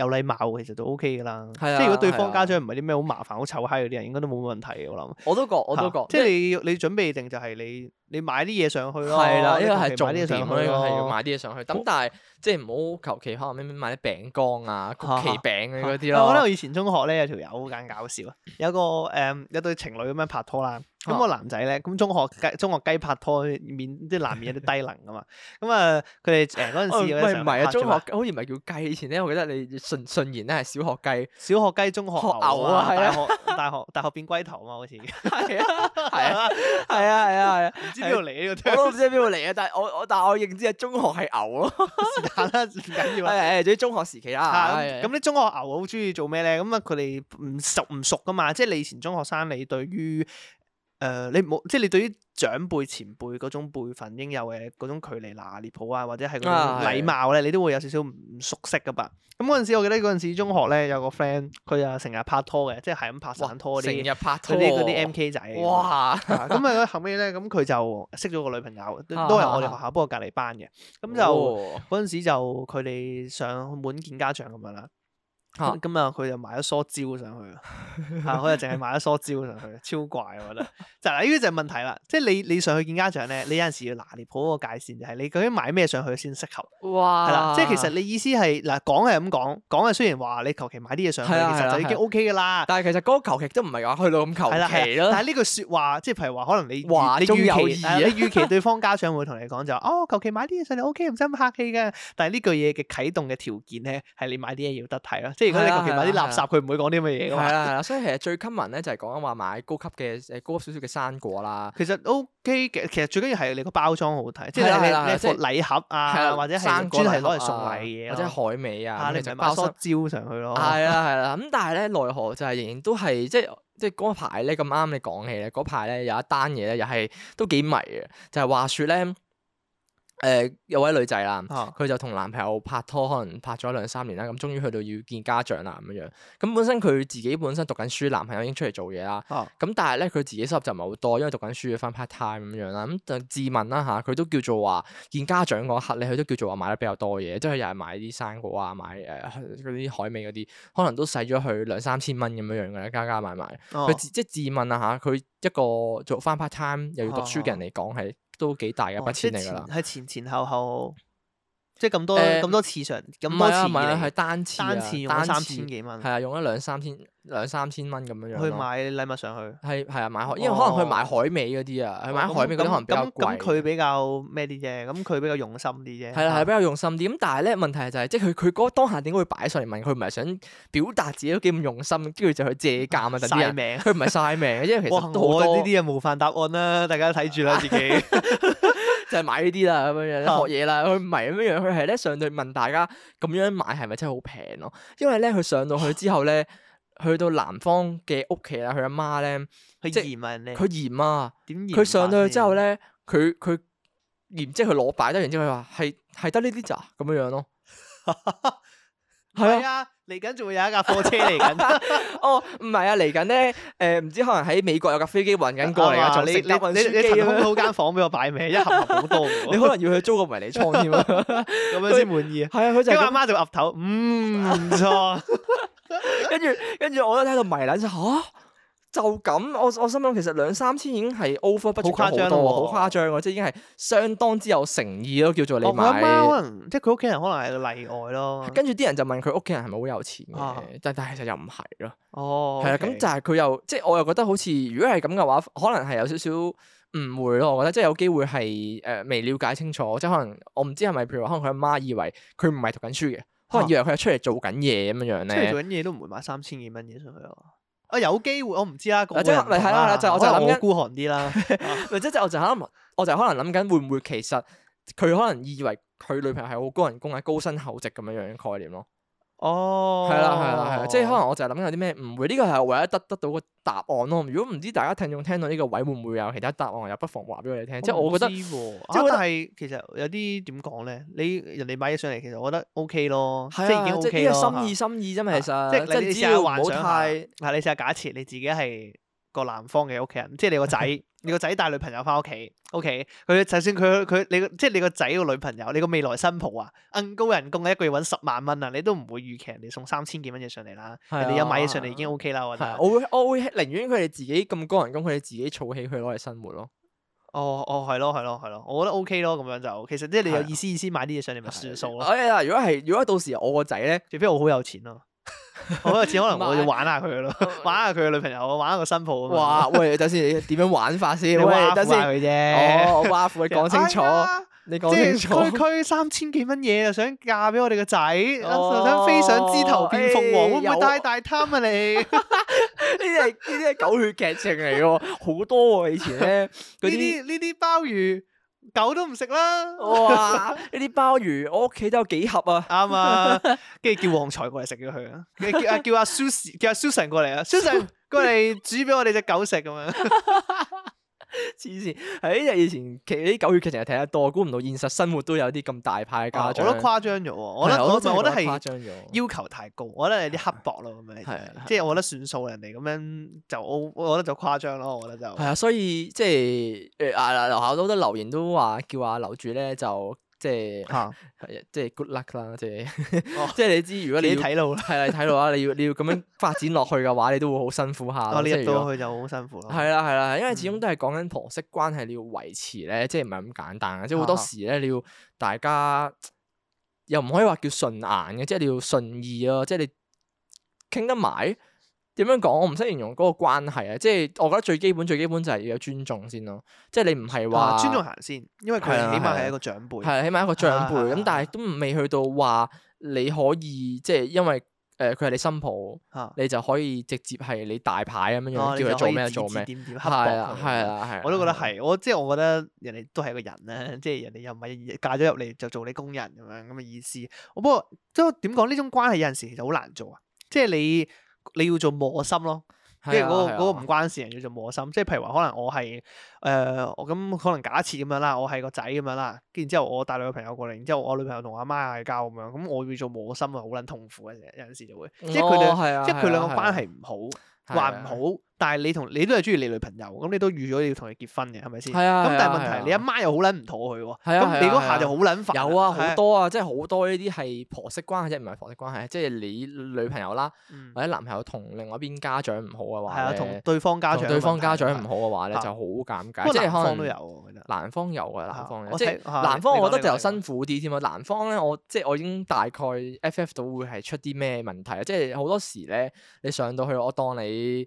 有禮貌，其實都 OK 噶啦。啊、即係如果對方家長唔係啲咩好麻煩好臭閪嗰啲人，應該都冇乜問題嘅我諗。我都覺，我都覺。啊、即係你即是你準備定就係你你買啲嘢上去咯、啊。係啦、啊，一、呢個係做，啲嘢上，啊、上去，一個係買啲嘢上去。咁但係。即係唔好求其，可能咩咩買啲餅乾啊、曲奇餅嗰啲咯。我覺得我以前中學咧，有條友好搞笑啊，有個誒有對情侶咁樣拍拖啦。咁個男仔咧，咁中學雞中學雞拍拖免即係難免有啲低能噶嘛。咁啊佢哋誒嗰陣時咧，唔係啊中學好似唔係叫雞。以前咧，我記得你順順言咧，係小學雞，小學雞中學牛啊，大學大學大學變龜頭啊嘛，好似係啊係啊係啊係啊，唔知邊度嚟嘅。我都唔知邊度嚟嘅，但係我我但係我認知係中學係牛咯。啦，唔緊要。誒誒，仲喺 [LAUGHS] 中學時期啦。咁啲中學牛好鍾意做咩咧？咁啊，佢哋唔熟唔熟㗎嘛。即係你以前中學生，你對於？誒、呃，你冇即係你對於長輩、前輩嗰種輩份應有嘅嗰種距離嗱，列普啊，或者係嗰種禮貌咧，你都會有少少唔熟悉噶嘛。咁嗰陣時，我記得嗰陣時中學咧有個 friend，佢啊成日拍拖嘅，即係係咁拍散拖啲嗰啲 MK 仔。哇！咁啊、嗯嗯、後尾咧，咁佢就識咗個女朋友， [LAUGHS] 都係我哋學校不過隔離班嘅。咁就嗰陣、哦、時就佢哋上門見家長咁樣啦。咁啊，佢就買咗梳蕉上去，啊，佢就淨係買咗梳蕉上去，超怪我覺得。就係呢個就係問題啦，即係你你上去見家長咧，你有陣時要拿捏好個界線，就係你究竟買咩上去先適合。哇，係啦，即係其實你意思係嗱講係咁講，講係雖然話你求其買啲嘢上去，其實就已經 O K 噶啦。但係其實嗰個求其都唔係話去到咁求其。但係呢句説話，即係譬如話可能你話你預期，你預期對方家長會同你講就話哦，求其買啲嘢上去 O K，唔使咁客氣嘅。但係呢句嘢嘅啟動嘅條件咧，係你買啲嘢要得體咯，即如果你求其買啲垃圾，佢唔會講啲咁嘅嘢噶嘛。係啊，所以其實最 common 咧就係講緊話買高級嘅誒高少少嘅生果啦。其實 O.K. 嘅，其實最緊要係你個包裝好睇，即係你你一副禮盒啊，或者生果係攞嚟送禮嘅，或者海味啊，你咪包束蕉上去咯。係啦係啦，咁但係咧奈何就係仍然都係即係即係嗰排咧咁啱你講起咧嗰排咧有一單嘢咧又係都幾迷嘅，就係話説咧。誒、呃，有位女仔啦，佢、啊、就同男朋友拍拖，可能拍咗兩三年啦，咁終於去到要見家長啦咁樣樣。咁本身佢自己本身讀緊書，男朋友已經出嚟做嘢啦。咁、啊、但係咧，佢自己收入就唔係好多，因為讀緊書要翻 part time 咁樣樣啦。咁就自問啦吓，佢都叫做話見家長嗰刻，你佢都叫做話買得比較多嘢，即係又係買啲生果啊，買誒嗰啲海味嗰啲，可能都使咗佢兩三千蚊咁樣樣嘅咧，加加埋埋。佢、啊、即係自問啊吓，佢一個做翻 part time 又要讀書嘅人嚟講係都幾大嘅一筆錢嚟㗎啦，係係前，前前後後。即係咁多咁多次上，咁多次。唔係啊，唔係啊，單次，單次用三千幾蚊。係啊，用咗兩三千，兩三千蚊咁樣樣。去買禮物上去。係係啊，買，因為可能去買海味嗰啲啊，去買海味嗰啲可能比較貴。咁咁佢比較咩啲啫？咁佢比較用心啲啫。係啊，係比較用心啲。咁但係咧問題就係，即係佢佢嗰當下點解會擺上嚟問？佢唔係想表達自己都幾咁用心，跟住就去借鑑啊，啲人。曬命。佢唔係曬命，因為其實都好多呢啲嘅模範答案啦，大家睇住啦，自己。就係買呢啲啦，咁樣樣學嘢啦，佢唔係咁樣樣，佢係咧上到去問大家咁樣買係咪真係好平咯？因為咧佢上到去之後咧， [LAUGHS] 去到男方嘅屋企啦，佢阿媽咧，佢嫌啊，佢嫌啊，點嫌，佢上到去之後咧，佢佢呢嫌，即係佢攞擺得，然之後佢話係係得呢啲咋，咁樣樣咯，係 [LAUGHS] 啊。嚟緊仲會有一架貨車嚟緊，哦，唔係啊，嚟緊咧，誒、呃，唔知可能喺美國有架飛機運緊過嚟啊，仲吧成架運輸機你騰空到間房俾我擺命，一盒盒好多嘅，你可能要去租個迷你倉添啊。咁樣先滿意。係啊，佢就阿媽就岌頭，嗯，唔錯。 [LAUGHS] [LAUGHS] 跟住，跟住我喺度睇到迷，吓。就咁，我我心諗其實兩三千已經係 over，不誇張咯，好誇張啊誇張，即已經係相當之有誠意咯，叫做你買。我阿媽可能、哦、即佢屋企人可能係例外咯。跟住啲人就問佢屋企人係咪好有錢嘅，但、啊、但其實又唔係咯。哦，係啦的，咁但係佢又即我又覺得好似如果係咁嘅話，可能係有少少誤會咯。我覺得即有機會係誒、呃、未了解清楚，即可能我唔知係咪譬如話可能佢阿媽，媽以為佢唔係讀緊書嘅，可能以為佢係出嚟做緊嘢咁樣樣咧。啊、出嚟做緊嘢都唔會買三千幾蚊嘢出去咯。啊有機會我唔知啦，個即係係啦，就我就諗孤寒啲啦，咪即係我就可能我, [LAUGHS] 我就可能諗緊會唔會其實佢可能以為佢女朋友係好高人工啊高薪厚職咁樣樣嘅概念咯。哦，係啦，係啦，係啦，嗯、即係可能我就係諗緊有啲咩誤會，呢個係唯一得得到個答案咯。如果唔知大家聽眾聽到呢個位會唔會有其他答案，又不妨話俾我哋聽。即係我覺得，啊、即係覺得其實有啲點講咧，你人哋買嘢上嚟，其實我覺得 OK 咯，的即係已經 OK 咯。心意心意啫嘛，啊、其實即係你哋唔好太，嗱，啊、你試下假設你自己係。個男方嘅屋企人，即係你個仔， [LAUGHS] 你個仔帶女朋友翻屋企，OK，佢就算佢佢你即係你個仔個女朋友，你個未來新抱啊，咁、嗯、高人工，一個月搵十萬蚊啊，你都唔會預期人哋送三千幾蚊嘢上嚟啦，人哋的有買嘢上嚟已經 OK 啦。的我覺得，我會，我會寧願佢哋自己咁高人工，佢哋自己儲起佢攞嚟生活咯。哦哦，係咯係咯係咯，我覺得 OK 咯，咁樣就其實即係你有意思意思買啲嘢上嚟咪算數咯。哎呀，如果係如果，如果，如果到時我個仔咧，除非我好有錢咯。好有錢，可能我玩下佢咯，玩下佢嘅女朋友，玩下個新抱。哇，喂，等先，你點樣玩法先？喂，玩下佢啫。哦，哇父，講清楚，你講清楚。區區三千幾蚊嘢，又想嫁俾我哋個仔，又想飛上枝頭變鳳凰，會唔會太大貪啊你？呢啲係呢啲係狗血劇情嚟嘅喎，好多喎，以前咧。呢啲呢啲鮑魚。狗都唔食啦，哇！呢啲鮑魚，我屋企都有幾盒啊，啱啊。跟住 [LAUGHS] 叫旺財過嚟食咗佢啦，叫啊 [LAUGHS] 叫阿 Susan 叫阿 Susan 過嚟啊，Susan 過嚟煮俾我哋隻狗食咁樣。 [LAUGHS] [LAUGHS] 黐線，喺、欸、以前劇啲狗血劇情係睇得多，估唔到現實生活都有啲咁大派嘅家長，得、啊、誇張咗。我覺得我唔係，我覺得係要求太高，我覺得有啲刻薄咯咁樣。即係我覺得算數對人哋咁樣就我，我覺得就誇張咯。我覺得就係啊，所以即係啊，樓下好多留言都話叫啊樓主咧就。即係嚇，係、啊、即係 good luck 啦。啊、即係即係你知，如果你睇路係啊睇路啊，你要你要咁樣發展落去嘅話， [LAUGHS] 你都會好辛苦一下。你入到去就好辛苦咯。係啦係啦，因為始終都係講緊婆媳關係，你要維持咧，即係唔係咁簡單嘅，嗯、即係好多時咧，你要大家又唔可以話叫順眼嘅，即係你要順意咯，即係你傾得埋，點樣講？我唔識形容嗰個關係啊，即係我覺得最基本最基本就係要有尊重先咯。即係你唔係話尊重行先，因為佢起碼係一個長輩，係起碼一個長輩咁，但係都未去到話你可以即係因為誒佢係你新抱，你就可以直接係你大牌咁樣叫佢做咩做咩。係啦，係啦，係。我都覺得係，我即係我覺得人哋都係一個人咧，即係人哋又唔係嫁咗入嚟就做你工人咁樣咁嘅意思。我不過即係點講呢種關係有陣時其實好難做啊，即係你。你要做磨心咯，啊、即係嗰、嗰個嗰、啊、個唔關事，人要做磨心。啊、即係譬如話可能我係誒，我、呃、咁可能假設咁樣啦，我係個仔咁樣啦。跟住之後我帶女朋友過嚟，然之後我女朋友同阿媽嗌交咁樣，咁我要做磨心啊，好撚痛苦嘅，有陣時就會。哦、即係佢哋，哦啊、即係佢兩個關係唔好，話唔好。但係你同你都係中意你女朋友，咁你都預咗要同佢結婚嘅，係咪先？係啊。咁但係問題，你阿媽又好撚唔妥佢喎。係啊。咁你嗰下就好撚煩。有啊，好多啊，即係好多呢啲係婆媳關係，即唔係婆媳關係？即係你女朋友啦，或者男朋友同另外一邊家長唔好嘅話。係啊，同對方家長。對方家長唔好嘅話咧，就好尷尬。即係男方都有，我覺得。男方有啊，男方有。即係男方，我覺得就辛苦啲添啊。男方咧，我即係我已經大概 FF 到會係出啲咩問題啊？即係好多時咧，你上到去，我當你。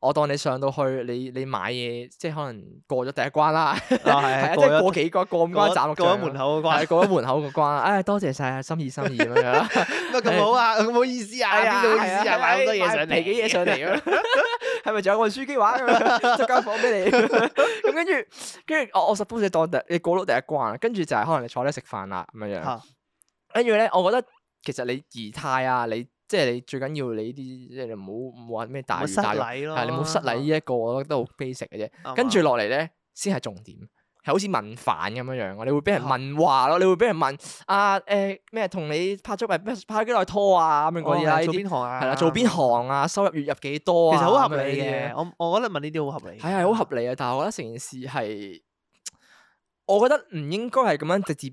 我當你上到去，你你買嘢，即係可能過咗第一關啦，係啊，即係過幾關，過五關斬六將，過咗門口嘅關，過咗門口嘅關，唉，多謝晒啊，心意心意咁樣，乜咁好啊，咁好意思啊，邊度好意思啊，買咁多嘢上嚟，皮幾嘢上嚟咯，係咪仲有書機玩啊？十間房俾你，咁跟住，跟住我我 suppose 當第你過到第一關，跟住就係可能你坐低食飯啦咁樣，跟住咧，我覺得其實你儀態啊，你。即係你最緊要你呢啲，即係你唔好唔好話咩大失禮大失禮，係你唔好失禮呢一個，我覺得都好 basic 嘅啫。跟住落嚟咧，先係重點，係好似問飯咁樣樣，你會俾人問話咯，嗯、你會俾人問啊誒咩？同、欸、你拍咗咪拍咗幾耐拖啊？咁樣嗰啲啦，做邊行啊？係啦，做邊行啊？收入月入幾多啊？其實好合理嘅，些我我覺得問呢啲好合理。係係好合理啊，但係我覺得成件事係，我覺得唔應該係咁樣直接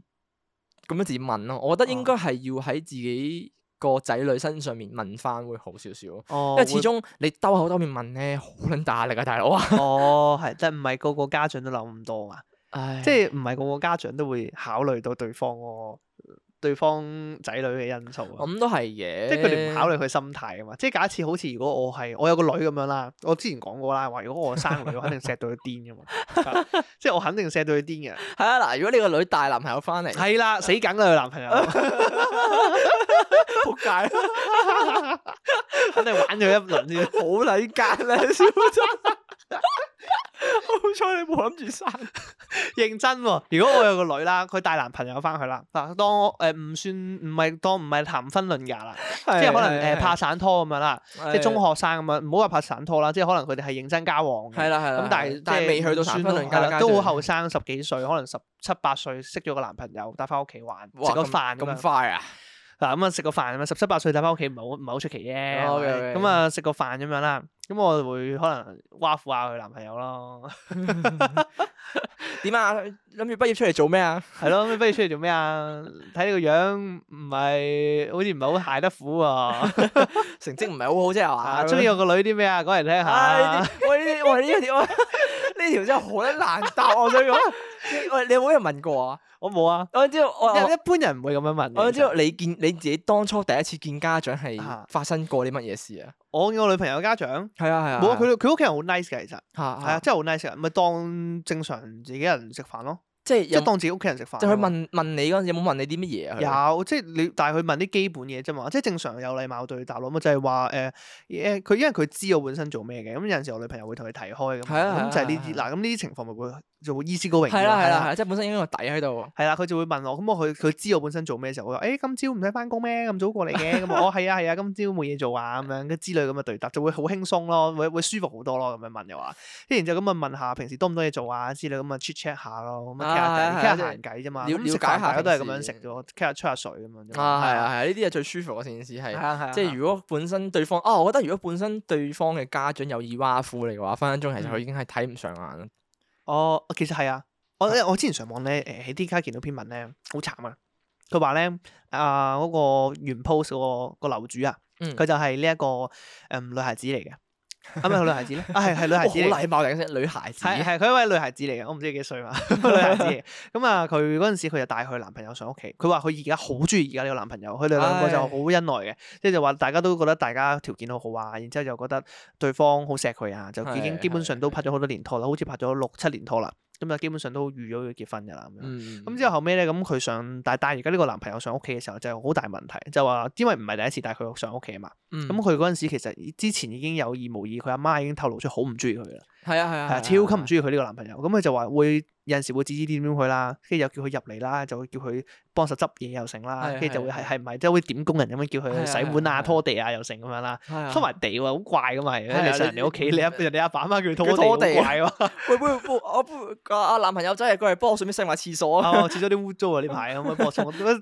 咁樣直接問咯。我覺得應該係要喺自己。嗯個仔女身上面問翻會好少少，哦、因為始終你兜口兜面問咧，好撚大壓力啊，大佬啊！ [LAUGHS] 哦，係，但係唔係個個家長都諗咁多啊？唉即係唔係個個家長都會考慮到對方咯？對方仔女嘅因素，咁都係嘅，即係佢哋唔考慮佢心態啊嘛。即係假設好似如果我係我有個女咁樣啦，我之前講過啦，話如果我生女，我肯定錫到佢癲噶嘛，即係我肯定錫到佢癲嘅。係啊，嗱，如果你個女帶男朋友翻嚟，係啦， [LAUGHS] 死梗啦，佢男朋友，仆街，肯定玩咗一輪先，好理解咧，小陳。好彩你冇諗住生認真。如果我有個女啦，佢帶男朋友翻去啦，當我誒，唔算唔係當唔係談婚論嫁啦，即係可能誒拍散拖咁樣啦，即係中學生咁樣，唔好話拍散拖啦，即係可能佢哋係認真交往嘅。係啦係啦，咁但係即係未去到談婚論嫁，都好後生，十幾歲，可能十七八歲識咗個男朋友帶翻屋企玩，食個飯咁快啊！嗱咁啊，食個飯咁啊，十七八歲帶翻屋企唔係好唔係好出奇啫。咁啊，食個、oh, okay, okay, okay, 啊、飯咁樣啦。咁我就會可能挖苦下佢男朋友咯。點 [LAUGHS] [LAUGHS] 啊？諗住畢業出嚟做咩啊？係咯，畢業出嚟做咩啊？睇你個樣，唔係好似唔係好捱得苦喎。成績唔係好好啫，係嘛？中意我個女啲咩啊？講嚟聽下。喂喂呢條啊！ [LAUGHS] 呢條真係好難答， [LAUGHS] 我想講，喂，你有冇人問過啊？我冇啊。我知道，一一般人唔會咁樣問。我知道你見實你自己當初第一次見家長係發生過啲乜嘢事啊？我見我女朋友家長係啊係啊，冇啊，佢佢屋企人好 nice 嘅，其實係啊,啊，真係好 nice 嘅，咪當正常自己人食飯咯。即係即係當自己屋企人食飯，就去問問你嗰陣有冇問你啲乜嘢啊？有即係你，但係佢問啲基本嘢啫嘛，即係正常有禮貌對答囉，咪就係話誒，佢、呃、因為佢知我本身做咩嘅，咁有陣時我女朋友會同佢提開咁，咁、啊、就係呢啲嗱，咁呢啲情況咪會。就會意思個榮，係啦係啦，即本身已經個底喺度。係啦，佢就會問我，咁我佢佢知我本身做咩時候，我話：誒今朝唔使翻工咩？咁早過嚟嘅，咁我：哦係啊係啊，今朝冇嘢做啊咁樣，跟之類咁嘅對答，就會好輕鬆咯，會會舒服好多咯。咁樣問又話，跟住然之後咁啊問下平時多唔多嘢做啊之類咁啊 check check 下咯，咁啊傾下傾下閒偈啫嘛，了解下都係咁樣食嘅，傾下吹下水咁樣。啊係啊係啊，呢啲係最舒服嘅成件事係，即係如果本身對方，啊我覺得如果本身對方嘅家長有耳挖婦嚟嘅話，分分鐘其實佢已經係睇唔上眼啦。哦，其實係啊，我我之前上網咧，誒喺 D 卡見到篇文咧，好慘啊！佢話咧，啊、呃、嗰、嗰個原 post、嗰個、個樓主啊，佢、嗯、就係呢一個誒、嗯、女孩子嚟嘅。係咪、 [LAUGHS] 啊、女孩子咧？啊、 [LAUGHS] 哦，係係女孩子嚟，好禮貌嘅，女孩子。係係佢一位女孩子嚟嘅，我唔知佢幾歲嘛。女孩子。咁啊，佢嗰陣時佢就帶佢男朋友上屋企。佢話佢而家好中意而家呢個男朋友，佢哋兩個就好恩愛嘅。即係、哎、就話大家都覺得大家條件好好啊，然之後就覺得對方好錫佢啊，就已經基本上都拍咗好多年拖啦，好似拍咗六七年拖啦。咁就基本上都預咗佢結婚噶啦。咁之、嗯、後後尾咧，咁佢上但係而家呢個男朋友上屋企嘅時候，就有好大問題，就話因為唔係第一次帶，但佢上屋企啊嘛。咁佢嗰陣時其實之前已經有意無意，佢阿媽已經透露出好唔中意佢啦。係啊係啊係啊，啊啊超級唔中意佢呢個男朋友。咁佢、啊啊啊、就話會。有陣時會指指點點佢啦，跟住又叫佢入嚟啦，就會叫佢幫手執嘢又成啦，跟住就會係係唔係即係好似點工人咁樣叫佢洗碗啊、拖地啊又成咁樣啦，拖埋地喎，好怪噶嘛，而你上人哋屋企，你阿人哋阿爸媽叫你拖地，好怪啊，我阿男朋友仔又過嚟幫我上面洗埋廁所啊，廁所啲污糟啊呢排咁樣，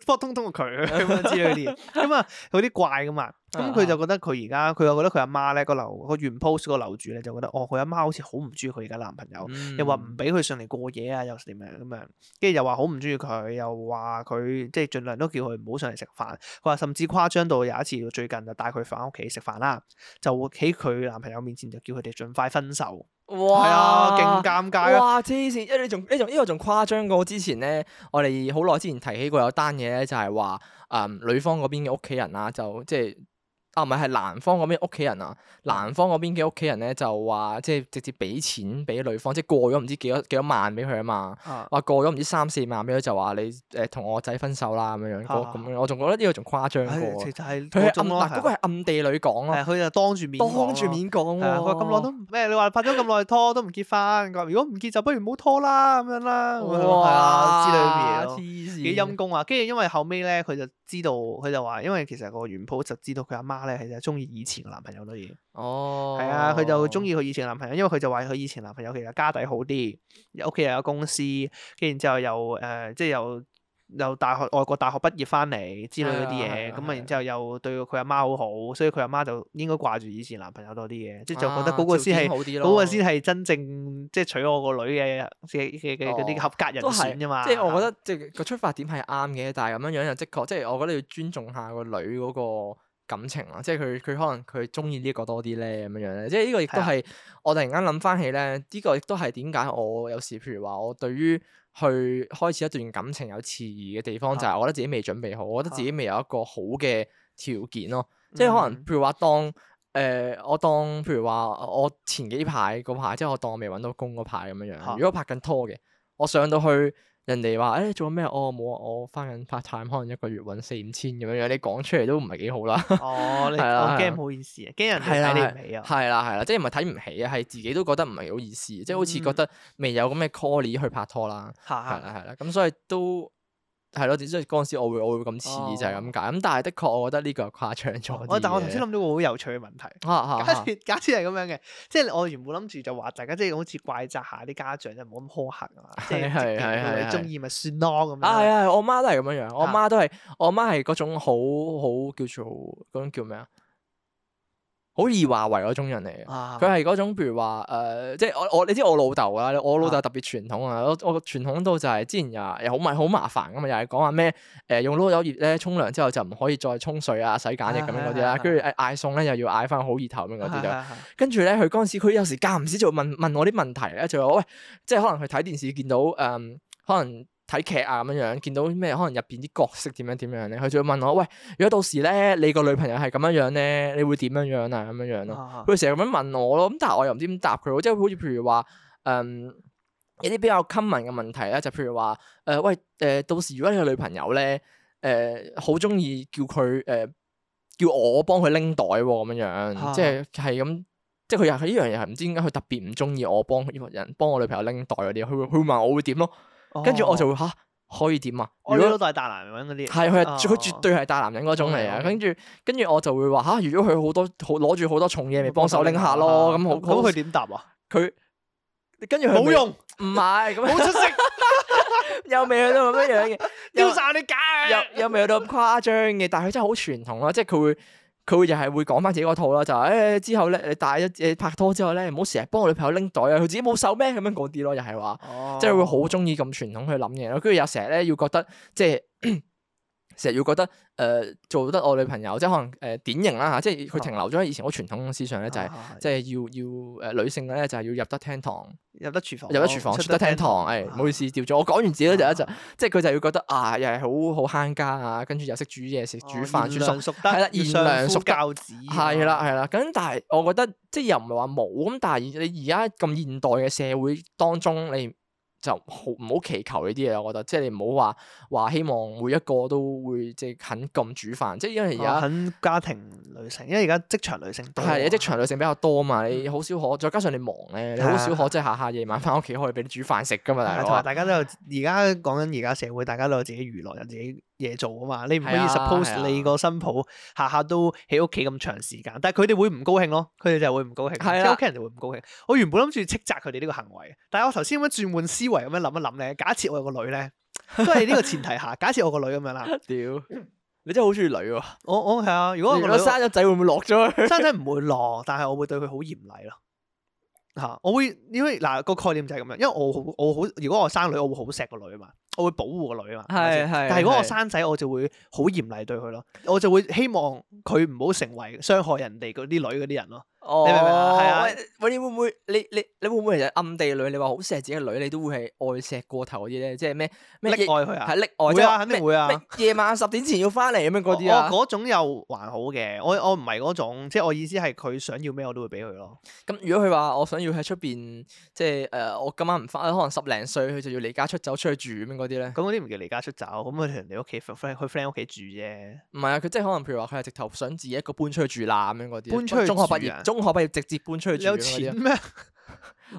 幫通通佢咁樣之類啲，咁啊有啲怪噶嘛。咁佢、嗯、就覺得佢而家，佢又、嗯、覺得佢阿媽咧個樓個原 post 個樓主咧就覺得，哦，佢阿媽，媽好似好唔中意佢而家男朋友，嗯、又話唔俾佢上嚟過夜啊，又點樣咁樣，跟住又話好唔中意佢，又話佢即係盡量都叫佢唔好上嚟食飯，佢話甚至誇張到有一次最近就帶佢翻屋企食飯啦，就會喺佢男朋友面前就叫佢哋盡快分手。哇！係啊，勁尷尬啊！哇！黐線，因為你仲呢仲因為仲誇張過之前咧，我哋好耐之前提起過有單嘢咧，就係話，嗯，女方嗰邊嘅屋企人啊，就即係。啊，唔係係男方嗰邊屋企人啊，男方嗰邊嘅屋企人咧就話，即係直接俾錢俾女方，即係過咗唔知幾多幾多萬俾佢啊嘛，話過咗唔知三四萬俾佢，就話你誒同我仔分手啦咁樣樣，咁樣我仲覺得呢個仲誇張過啊，其實係，嗱嗰個係暗地裏講啊，佢就當住面，當住面講，係啊，佢話咁耐都咩？你話拍咗咁耐拖都唔結婚？佢話如果唔結就不如唔好拖啦，咁樣啦，啊，哇，黐線，幾陰功啊！跟住因為後尾咧，佢就。知道佢就話，因為其實個元鋪就知道佢阿媽咧，其實鍾意以前男朋友多啲。哦，係啊，佢就鍾意佢以前男朋友，因為佢就話佢以前男朋友其實家底好啲，屋企又有公司，跟然之後又誒、呃，即係又。又大學外國大學畢業翻嚟之類嗰啲嘢，咁啊，係係啊，然之後又對佢阿媽好好，所以佢阿媽就應該掛住以前男朋友多啲嘅，即就覺得嗰個先係嗰個先係真正即係娶我個女嘅嘅嘅嗰啲合格人選啫嘛、哦。即係我覺得係、啊、即係個出發點係啱嘅，但係咁樣樣又的確，即係我覺得要尊重下個女嗰個感情啊，即係佢佢可能佢中意呢一個多啲咧，咁樣樣即係呢個亦都係我突然間諗翻起咧，呢、呢個亦都係點解我有時譬如話我，我對於。去開始一段感情有遲疑嘅地方，的就係我覺得自己未準備好，的我覺得自己未有一個好嘅條件咯。的即係可能譬如話，當、呃、誒我當譬如話我前幾排嗰排，即係我當我未揾到工嗰排咁樣樣。的如果拍緊拖嘅，我上到去。人哋話：誒做咩？我冇啊，我翻緊 part time，可能一個月揾四五千咁樣樣。你講出嚟都唔係幾好啦。哦，我驚唔好意思啊，驚人睇你唔起啊。係啦係啦，即係唔係睇唔起啊？係自己都覺得唔係好意思，即係好似覺得未有咁嘅 callie 去拍拖啦。係啦係啦，咁所以都。係咯，只所以嗰陣時我會我會咁似就係咁解。咁但係的確我覺得呢個係誇張咗，但係我頭先諗到個好有趣嘅問題。啊啊、假設假設係咁樣嘅。啊啊、即係我原本諗住就話大家即係、就是、好似怪責下啲家長就冇咁苛刻啊嘛，即係你中意咪算咯咁。啊係係，我媽都係咁樣樣，啊、我媽都係，我媽係嗰種好好叫做嗰種叫咩啊？好易話為嗰種人嚟嘅，佢係嗰種譬如話誒、呃，即係我我你知我老豆啦，我老豆特別傳統啊，我我傳統到就係、是、之前又又好咪好麻煩噶嘛，又係講話咩誒用碌柚葉咧沖涼之後就唔可以再沖水洗液啊洗簡易咁樣嗰啲啦，跟住嗌餸咧又要嗌翻好熱頭咁樣嗰啲就，啊啊啊啊啊、跟住咧佢嗰陣時佢有時間唔時就會問問我啲問題咧，就話喂，即係可能佢睇電視見到誒、嗯、可能。睇劇啊咁樣樣，見到咩可能入邊啲角色點樣點樣咧？佢就會問我：「喂，如果到時咧，你個女朋友係咁樣樣咧，你會點樣樣啊？咁樣樣咯，佢成日咁樣問我咯。咁但係我又唔知點答佢咯。即係好似譬如話，誒、嗯，一啲比較 common 嘅問題咧，就譬如話，誒、呃，喂，誒、呃，到時如果你個女朋友咧，誒、呃，好中意叫佢誒、呃，叫我幫佢拎袋喎，咁樣、啊、樣，即係係咁，即係佢又係呢樣嘢係唔知點解佢特別唔中意我幫呢個人幫我女朋友拎袋嗰啲，佢會佢問我會點咯。跟住我就會嚇，可以點啊？如果都係大男人嗰啲，係佢係佢絕對係大男人嗰種嚟啊！跟住跟住我就會話嚇，如果佢好多好攞住好多重嘢，咪幫手拎下咯咁好。咁佢點答啊？佢跟住佢冇用，唔係咁啊，好出色，又未去到咁樣嘅，丟曬啲假嘅，又又未去到咁誇張嘅，但係佢真係好傳統咯，即係佢會。佢會又係會講翻自己嗰套啦，就話誒、欸、之後咧，你大一，誒拍拖之後咧，唔好成日幫我女朋友拎袋啊，佢自己冇手咩？咁樣講啲咯，又係話，Oh. 即係會好中意咁傳統去諗嘢咯，跟住又成日咧要覺得即係。 [COUGHS] 成日要覺得誒做得我女朋友，即可能誒典型啦嚇，即佢停留咗喺以前好傳統思想咧，就係即要要誒女性咧就係要入得廳堂，入得廚房，入得廚房，出得廳堂。誒，唔好意思掉咗。我講完自己咧就一陣，即佢就要覺得啊，又係好好慳家啊，跟住又識煮嘢食、煮飯，賢良淑德，相夫教子。係啦係啦，咁但係我覺得即又唔係話冇咁，但係你而家咁現代嘅社會當中你。就好唔好祈求呢啲嘢，我覺得即係你唔好話話希望每一個都會即係肯咁煮飯，即係因為而家、哦、肯家庭女性，因為而家職場女性係啊，職場女性比較多啊嘛，嗯、你好少可，再加上你忙咧，的你好少可即係下下夜晚翻屋企可以俾你煮飯食㗎嘛，大家同埋大家都有而家講緊而家社會，大家都有自己娛樂，有自己。嘢做啊嘛，你唔可以 suppose、啊啊、你個新抱下下都喺屋企咁長時間，但係佢哋會唔高興咯，佢哋就會唔高興，即係屋企人就會唔高興。我原本諗住斥責佢哋呢個行為，但係我頭先咁樣轉換思維，咁樣諗一諗咧，假設我有個女咧，都係呢個前提下，假設我個女咁樣 [LAUGHS] 啦。屌，你真係好中意女喎、啊！我我係啊，如果我覺得生咗仔會唔會落咗？生仔唔會落， [LAUGHS] 但係我會對佢好嚴厲咯。嚇、啊，我會因為嗱、嗰個概念就係咁樣，因為我好我好，我好，如果我生女，我會好錫個女啊嘛。我會保護個女啊嘛，係係係，但係如果我生仔，我就會好嚴厲對佢咯。我就會希望佢唔好成為傷害人哋嗰啲女嗰啲人咯。哦，係、oh，啊，喂，你會唔會你你你會唔會其實暗地裏你話好錫自己嘅女，你都會係愛錫過頭嗰啲咧？即係咩咩溺愛佢啊？係溺愛，會啊，是肯定會啊！夜晚十點前要翻嚟咁樣嗰啲啊？嗰、 [LAUGHS] 哦、種又還好嘅，我我唔係嗰種，即係我意思係佢想要咩我都會俾佢咯。咁如果佢話我想要喺出邊，即係誒、呃、我今晚唔翻，可能十零歲佢就要離家出走出去住咁樣嗰啲咧？咁嗰啲唔叫離家出走，咁佢同人哋屋企 friend 去 friend 屋企住啫。唔係啊，佢即係可能譬如話佢係直頭想自己一個搬出去住啦咁樣嗰啲，搬出去中學畢業、啊中學畢業直接搬出去住，有錢咩？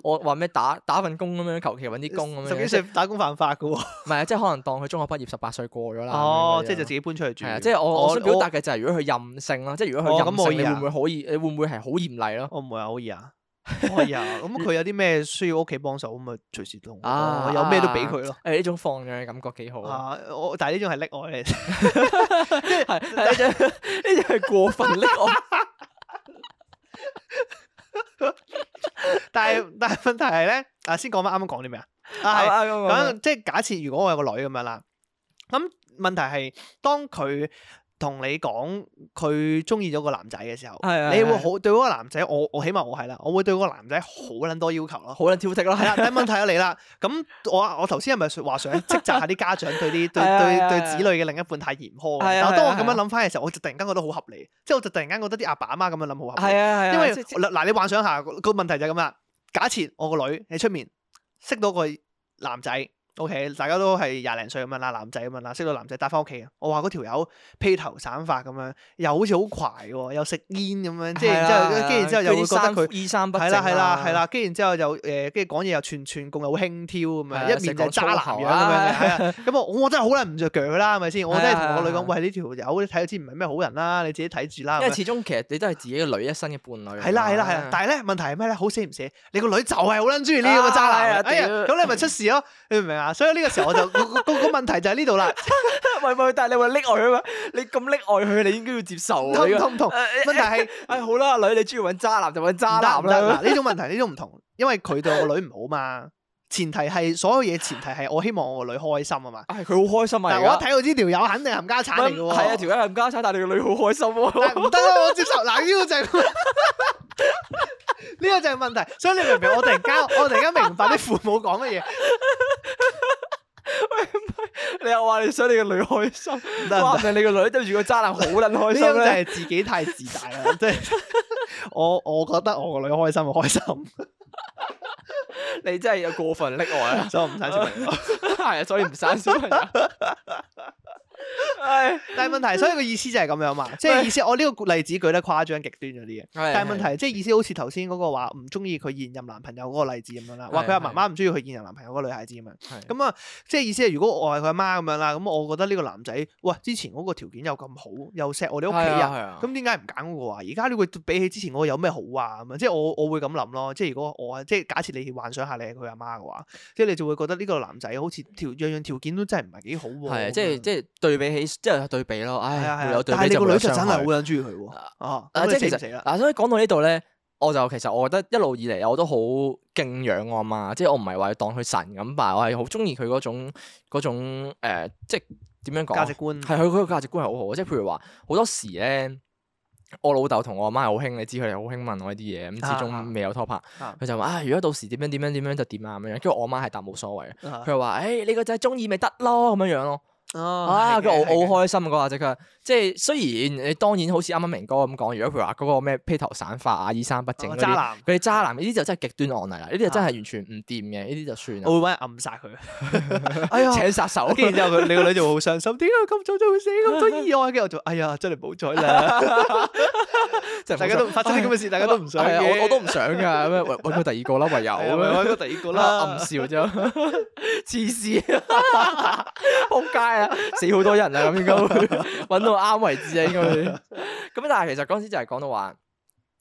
我話咩打打份工咁樣，求其搵啲工咁樣。十幾歲打工犯法噶喎，唔係啊，即係可能當佢中學畢業十八歲過咗啦。哦，即係就自己搬出去住。即係我我想表達嘅就係如果佢任性啦，即係如果佢任性，你會唔會可以？你會唔會係好嚴厲咯？我唔會啊，可以啊，可以啊。咁佢有啲咩需要屋企幫手咁咪隨時都啊，有咩都俾佢咯。誒，呢種放養嘅感覺幾好啊！我但係呢種係溺愛嚟，係呢種呢種係過分溺愛。 [LAUGHS] 但係是 [LAUGHS] 但係問題係咧，啊，先講翻啱啱講啲咩啊， [LAUGHS] 剛剛啊，咁即係假設如果我有個女咁樣啦，咁問題係當佢。同你講佢中意咗個男仔嘅時候，啊、你會好、啊、對嗰個男仔，我我起碼我係啦，我會對嗰個男仔好撚多要求咯，好撚挑剔啦。係啦、啊，睇 [LAUGHS] 問題喺你啦。咁我我頭先係咪話想斥責下啲家長對啲對對對子女嘅另一半太嚴苛、啊、但係當我咁樣諗翻嘅時候，我就突然間覺得好合理。即係、啊啊、我就突然間覺得啲阿爸阿媽咁樣諗好合理。啊啊、因為嗱、啊、你幻想下個問題就係咁啦。假設我個女喺出面識到個男仔。O K，大家都係廿零歲咁樣啦，男仔咁樣啦，識到男仔帶翻屋企啊？我話嗰條友披頭散髮咁樣，又好似好攰，又食煙咁樣，即係即係，跟住然之後又會覺得佢衣衫不整，係啦係啦係啦，跟住然之後又誒，跟住講嘢又串串共又輕佻咁樣，一面就係渣男樣咁樣，咁我真係好撚唔着腳啦，係咪先？我真係同我女講，喂呢條友睇到知唔係咩好人啦，你自己睇住啦。因為始終其實你都係自己嘅女一生嘅伴侶。係啦係啦係，但係咧問題係咩咧？好死唔死，你個女就係好撚中意呢個渣男，咁你咪出事咯？你明唔明啊？所以呢個時候我就個個 [LAUGHS] 問題就喺呢度啦，唔係唔係，但係你話溺愛啊嘛，你咁溺愛佢，你應該要接受、啊，痛唔痛？問題係、哎，好啦，女你中意揾渣男就揾渣男啦。嗱，呢種問題呢種唔同， [LAUGHS] 因為佢對我女唔好嘛。前提係所有嘢，前提係我希望我個女開心啊嘛。唉，佢好開心啊。如果睇到呢條友肯定係冚家鏟嚟嘅係啊，條友係冚家鏟，但係你個女好開心。唔得啊，我接受。嗱，呢個就係呢個就係問題。所以你明唔明？我突然間我突然間明白啲父母講乜嘢。喂，唔係你又話你想你個女開心，話你個女對住個渣男好捻開心真係自己太自大啦。即係我我覺得我個女開心就開心。 [LAUGHS] 你真係有過分溺愛啦。 [LAUGHS] 所以我唔生小朋友，係啊，所以唔生小朋友。係，但係問題，所以個意思就係咁樣嘛，即係意思，我呢個例子舉得誇張、極端咗啲嘅。 [MUSIC] 但係問題，即係意思，好似頭先嗰個話唔中意佢現任男朋友嗰個例子咁樣啦，話佢阿媽媽唔中意佢現任男朋友嗰個女孩子咁樣。係，咁 [NOISE] 啊樂，即係的意思係，如果我係佢阿媽咁樣啦，咁我覺得呢個男仔，哇，之前嗰個條件又咁好，又錫我哋屋企人，咁點解唔揀嗰個啊？而家你會比起之前嗰個有咩好啊？咁啊，即係我我會咁諗咯，即係如果我即係假設你幻想下你係佢阿媽嘅話，即係你就會覺得呢個男仔好似條樣樣條件都真係唔係幾好。係即係即係對。對比起即係對比咯，唉，有對比就有但係，你個女就真係好想中意佢喎，即係其實嗱，所以講到呢度咧，我就其實我覺得一路以嚟我都好敬仰我阿媽，即係我唔係話當佢神咁拜，我係好中意佢嗰種嗰種誒、呃，即係點樣講價值觀，係佢佢個價值觀係好好，即係譬如話好多時咧，我老豆同我阿媽係好興，你知佢哋好興問我呢啲嘢，咁始終未有拖拍，佢、啊啊、就話啊、哎，如果到時點樣點樣點樣就點啊咁樣，跟住我阿媽係答冇所謂，佢就話誒，你個仔中意咪得咯咁樣樣咯。啊！佢好好開心，啊。個阿姐佢，即係雖然你當然好似啱啱明哥咁講，如果譬如話嗰個咩披頭散髮啊、衣衫不整渣男，佢啲渣男呢啲就真係極端案例啦，呢啲就真係完全唔掂嘅，呢啲就算我會揾人暗殺佢，哎呀，請殺手，跟住之後佢你個女就會好傷心，點解咁早就會死咁多意外？跟住又做，哎呀，真係唔好彩啦！大家都發生咁嘅事，大家都唔想。我我都唔想噶，揾揾第二個啦，唯有揾個第二個啦，暗笑啫，黐線，撲街啊！ [LAUGHS] 死好多人啊！咁應該揾 [LAUGHS] 到啱為止。啊，應該咁。但係其實嗰陣時就係講到話，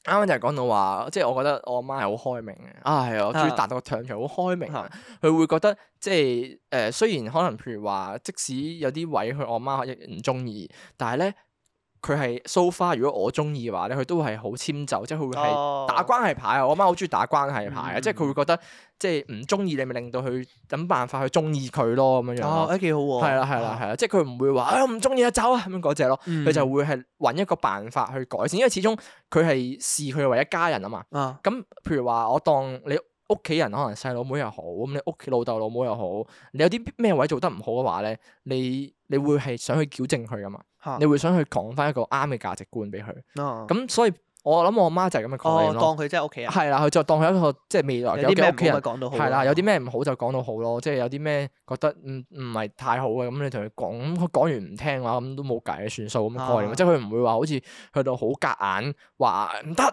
啱啱 [LAUGHS] 就係講到話，即、就、係、是、我覺得我媽係好開明嘅。啊，係啊，我終於達到個暢才好開明，佢、啊、會覺得即係誒，雖然可能譬如話，即使有啲位佢我媽亦唔中意，但係咧。佢係 so far，如果我中意嘅話咧，佢都係好遷就，即係佢會係打關係牌啊！我阿媽好中意打關係牌啊，嗯、即係佢會覺得，即係唔中意你咪令到佢諗辦法去中意佢咯咁樣樣。哦，誒、啊，幾好喎！係啦，係啦，係啦、啊，即係佢唔會話啊唔中意啊走啊咁嗰隻咯，佢就會係搵一個辦法去改善，因為始終佢係視佢為一家人啊嘛。咁、啊、譬如話我當你屋企人，可能細佬妹又好，咁你屋企老豆老母又好，你有啲咩位做得唔好嘅話咧，你你，你會係想去矯正佢噶嘛？你會想去講翻一個啱嘅價值觀俾佢，咁、啊、所以我諗我媽就係咁樣講，當佢真係屋企人。係啦，佢就當佢一個即係未來有啲咩唔好就講到好。係啦，有啲咩唔好就講到好咯。即係有啲咩覺得唔唔係太好嘅，咁你同佢講，咁講完唔聽嘅話，咁都冇計，算數咁過嚟。即係佢唔會話好似去到好夾硬話唔得，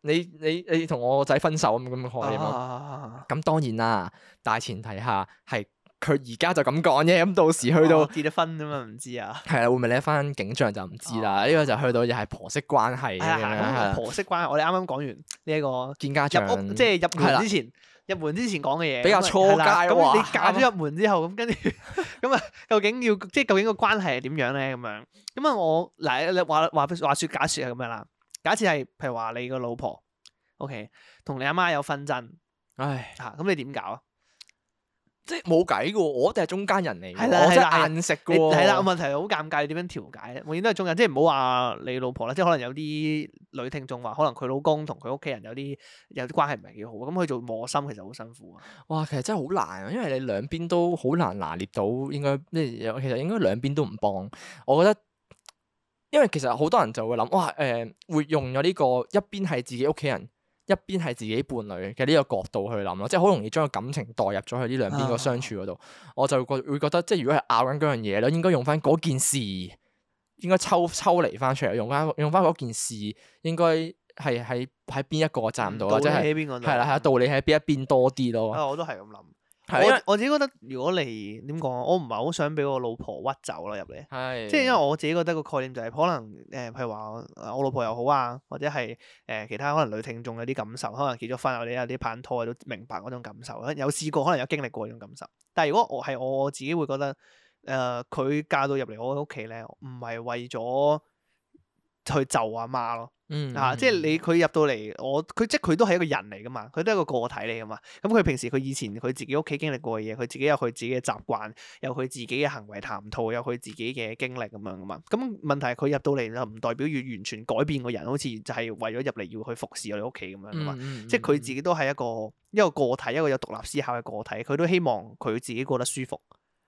你你你同我個仔分手咁咁嘅概念。咁、啊、當然啦，大前提下係。佢而家就咁講啫，咁到時去到結咗婚咁嘛？唔知啊，係啊，會唔會咧翻景象就唔知啦。呢個就去到又係婆媳關係嘅咁樣。婆媳關係，我哋啱啱講完呢一個見家長入屋，即係入門之前，入門之前講嘅嘢比較初階。咁你嫁咗入門之後，咁跟住咁啊，究竟要即係究竟個關係係點樣咧？咁樣咁啊，我嗱你話話話説假説係咁樣啦。假設係譬如話你個老婆 OK，同你阿媽有紛爭，唉嚇，咁你點搞啊？即係冇計噶，我就係中間人嚟的，我真係硬食噶。係啦，問題好尷尬，點樣調解咧？永遠都係中間，即係唔好話你老婆啦，即係可能有啲女聽眾話，可能佢老公同佢屋企人有啲有啲關係唔係幾好，咁佢做磨心其實好辛苦啊。哇，其實真係好難，因為你兩邊都好難拿捏到，應該即係其實應該兩邊都唔幫。我覺得，因為其實好多人就會諗，哇，誒、呃，活用咗呢、這個一邊係自己屋企人。一邊係自己伴侶嘅呢個角度去諗咯，即係好容易將個感情代入咗去呢兩邊個相處嗰度，啊、我就覺會覺得即係如果係拗緊嗰樣嘢咧，應該用翻嗰件事，應該抽抽離翻出嚟，用翻用翻嗰件事，應該係喺喺邊一個站度，或者係係啦，係啦，道理喺邊、就是、一邊多啲咯、啊。我都係咁諗。我我自己覺得，如果你點講啊，我唔係好想俾我老婆屈走啦入嚟，的即係因為我自己覺得個概念就係、是、可能誒、呃，譬如話我老婆又好啊，或者係誒、呃、其他可能女聽眾有啲感受，可能結咗婚或者有啲拍緊拖都明白嗰種感受，有試過可能有經歷過呢種感受。但係如果我係我，我自己會覺得誒，佢、呃、嫁到入嚟我屋企咧，唔係為咗。去遷就阿媽咯，嗯嗯啊，即係你佢入到嚟，我佢即係佢都係一個人嚟噶嘛，佢都係一個個體嚟噶嘛。咁佢平時佢以前佢自己屋企經歷過嘅嘢，佢自己有佢自己嘅習慣，有佢自己嘅行為談吐，有佢自己嘅經歷咁樣噶嘛。咁問題係佢入到嚟就唔代表要完全改變個人，好似就係為咗入嚟要去服侍我哋屋企咁樣噶嘛。嗯嗯嗯嗯，即係佢自己都係一個一個個體，一個有獨立思考嘅個體，佢都希望佢自己過得舒服，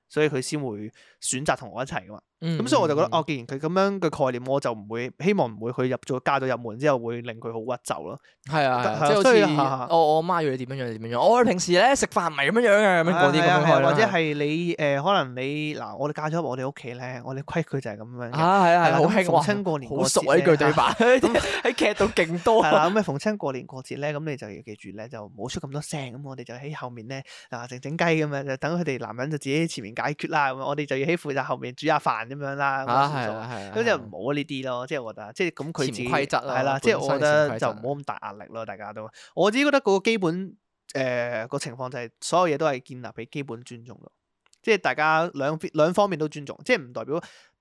所以佢先會選擇同我一齊噶嘛。咁所以我就覺得，哦，既然佢咁樣嘅概念，我就唔會希望唔會去入咗嫁咗入門之後會令佢好屈就咯。係啊，即係好似我我媽要你點樣樣就點樣樣。我哋平時咧食飯唔係咁樣樣嘅，咁樣啲咁嘅。或者係你誒，可能你嗱，我哋嫁咗入我哋屋企咧，我哋規矩就係咁樣。啊，係係，好輕過年，好熟呢句對白喺劇度勁多。係啦，咁啊，逢親過年過節咧，咁你就要記住咧，就唔好出咁多聲咁，我哋就喺後面咧嗱靜靜雞咁樣，就等佢哋男人就自己喺前面解決啦。咁我哋就要喺負責後面煮下飯。咁樣啦，咁先咗，咁就冇呢啲咯。即係我覺得，即係咁佢自己係啦。即係我覺得就冇咁大壓力咯。大家都，我自己覺得個基本誒、呃、個情況就係所有嘢都係建立俾基本尊重咯。即係大家兩兩方面都尊重，即係唔代表誒、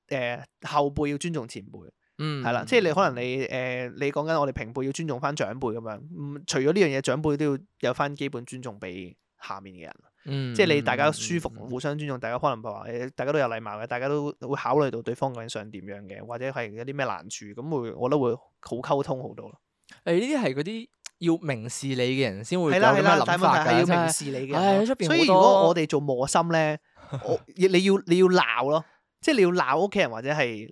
呃、後輩要尊重前輩。係啦、嗯啊。即係你可能你誒、呃、你講緊我哋平輩要尊重翻長輩咁樣。嗯，除咗呢樣嘢，長輩都要有翻基本尊重俾下面嘅人。嗯、即係你大家舒服，嗯嗯、互相尊重，大家可能話誒，大家都有禮貌嘅，大家都會考慮到對方究竟想點樣嘅，或者係有啲咩難處，咁會我覺得會好溝通好多咯。誒，呢啲係嗰啲要明事理嘅人先會有咁嘅諗法嘅，係出邊好多所以如果我哋做磨心咧，你要你要鬧咯，即係你要鬧屋企人或者係，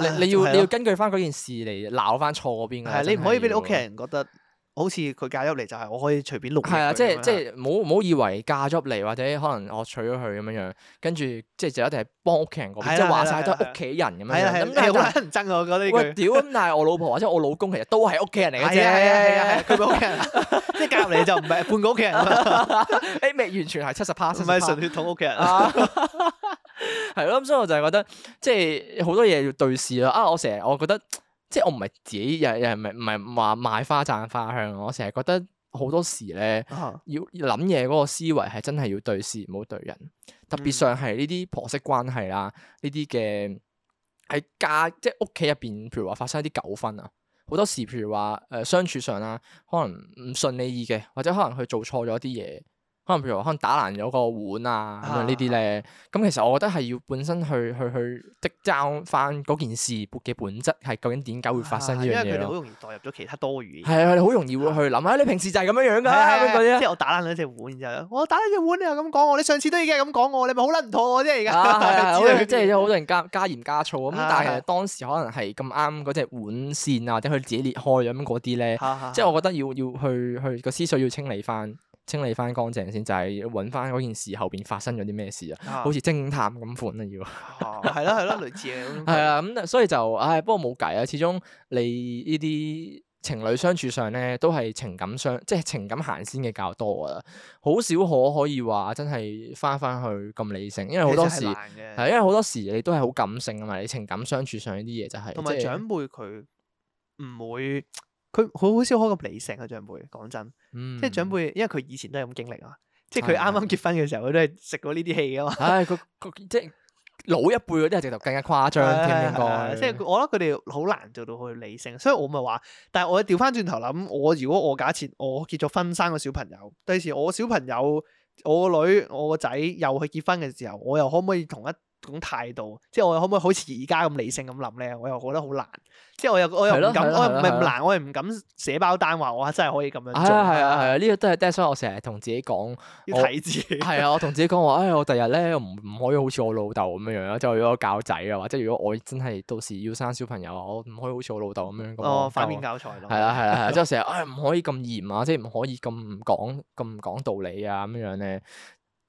你要, [LAUGHS] 你,要你要根據翻嗰件事嚟鬧翻錯邊嘅，你唔可以俾你屋企人覺得。好似佢嫁入嚟就係我可以隨便錄佢，係、就、啊、是，即係即係，唔好唔好以為嫁咗入嚟或者可能我娶咗佢咁樣、就是、 [MUSIC] 樣，跟住即係就一定係幫屋企人講，即係話晒都係屋企人咁樣樣，咁你好憎我嗰啲，喂，屌咁，但係我老婆 [MUSIC] 或者我老公其實都係屋企人嚟嘅啫。係啊係啊係啊，佢屋企人，即係嫁入嚟就唔係半個屋企人啦。誒、 [MUSIC] 哎，完全係七十 percent 唔係純血統屋企人啊，係咯， [MUSIC] [LAUGHS] 所以我就係覺得即係好多嘢要對視咯。啊，我成日我覺得。即我唔係自己又日，唔係唔係話賣花讚花香，我成日覺得好多時咧、uh huh. 要諗嘢嗰個思維係真係要對事唔好對人，特別上係呢啲婆媳關係啦，呢啲嘅喺家即屋企入邊，譬如話發生一啲糾紛啊，好多時譬如話誒、呃、相處上啦，可能唔順你意嘅，或者可能佢做錯咗啲嘢。可能譬如話可能打爛咗個碗啊咁樣呢啲咧，咁其實我覺得係要本身去去去即究翻嗰件事嘅本質，係究竟點解會發生呢樣嘢？因為佢哋好容易代入咗其他多餘嘢。係啊，佢哋好容易會去諗啊，你平時就係咁樣樣噶，咁嗰啲。即係我打爛兩隻碗，然之後我打爛隻碗你又咁講我，你上次都已經係咁講我，你咪好撚唔妥我啫而家。即係好多人加加鹽加醋咁，但係其實當時可能係咁啱嗰隻碗線啊，或者佢自己裂開咁嗰啲咧，即係我覺得要要去去個思緒要清理翻。清理翻乾淨先，就係揾翻嗰件事後邊發生咗啲咩事啊？好似偵探咁款啊，要係咯係咯，類似係啊。咁 [LAUGHS] 所以就唉、哎，不過冇計啊。始終你呢啲情侶相處上咧，都係情感相，即係情感行先嘅較多噶啦。好少可可以話真係翻翻去咁理性，因為好多時係，因為好多時你都係好感性啊嘛。你情感相處上呢啲嘢就係同埋長輩佢唔會。佢好好少可咁理性啊，長輩講真，嗯、即係長輩，因為佢以前都有咁經歷啊，嗯、即係佢啱啱結婚嘅時候，佢都係食過呢啲戲噶嘛。唉、哎，佢即係老一輩嗰啲係直頭更加誇張，即係我覺得佢哋好難做到去理性，所以我咪話，但係我調翻轉頭諗，我如果我假設我結咗婚，生個小朋友，到時我小朋友、我個女、我個仔又去結婚嘅時候，我又可唔可以同一種態度，即係我可唔可以好似而家咁理性咁諗咧？我又覺得好難。即係我又我又唔敢，我又唔係唔難，我又唔敢寫包單話我真係可以咁樣做。係啊係啊，呢個都係，所以我成日同自己講睇字。係啊，我同自己講話，唉，我第日咧，我唔唔可以好似我老豆咁樣樣，即係如果我教仔啊，或者如果我真係到時要生小朋友啊，我唔可以好似我老豆咁樣。哦，反面教材。係啊，係啊，即係成日唉，唔可以咁嚴啊，即係唔可以咁講咁講道理啊咁樣樣咧。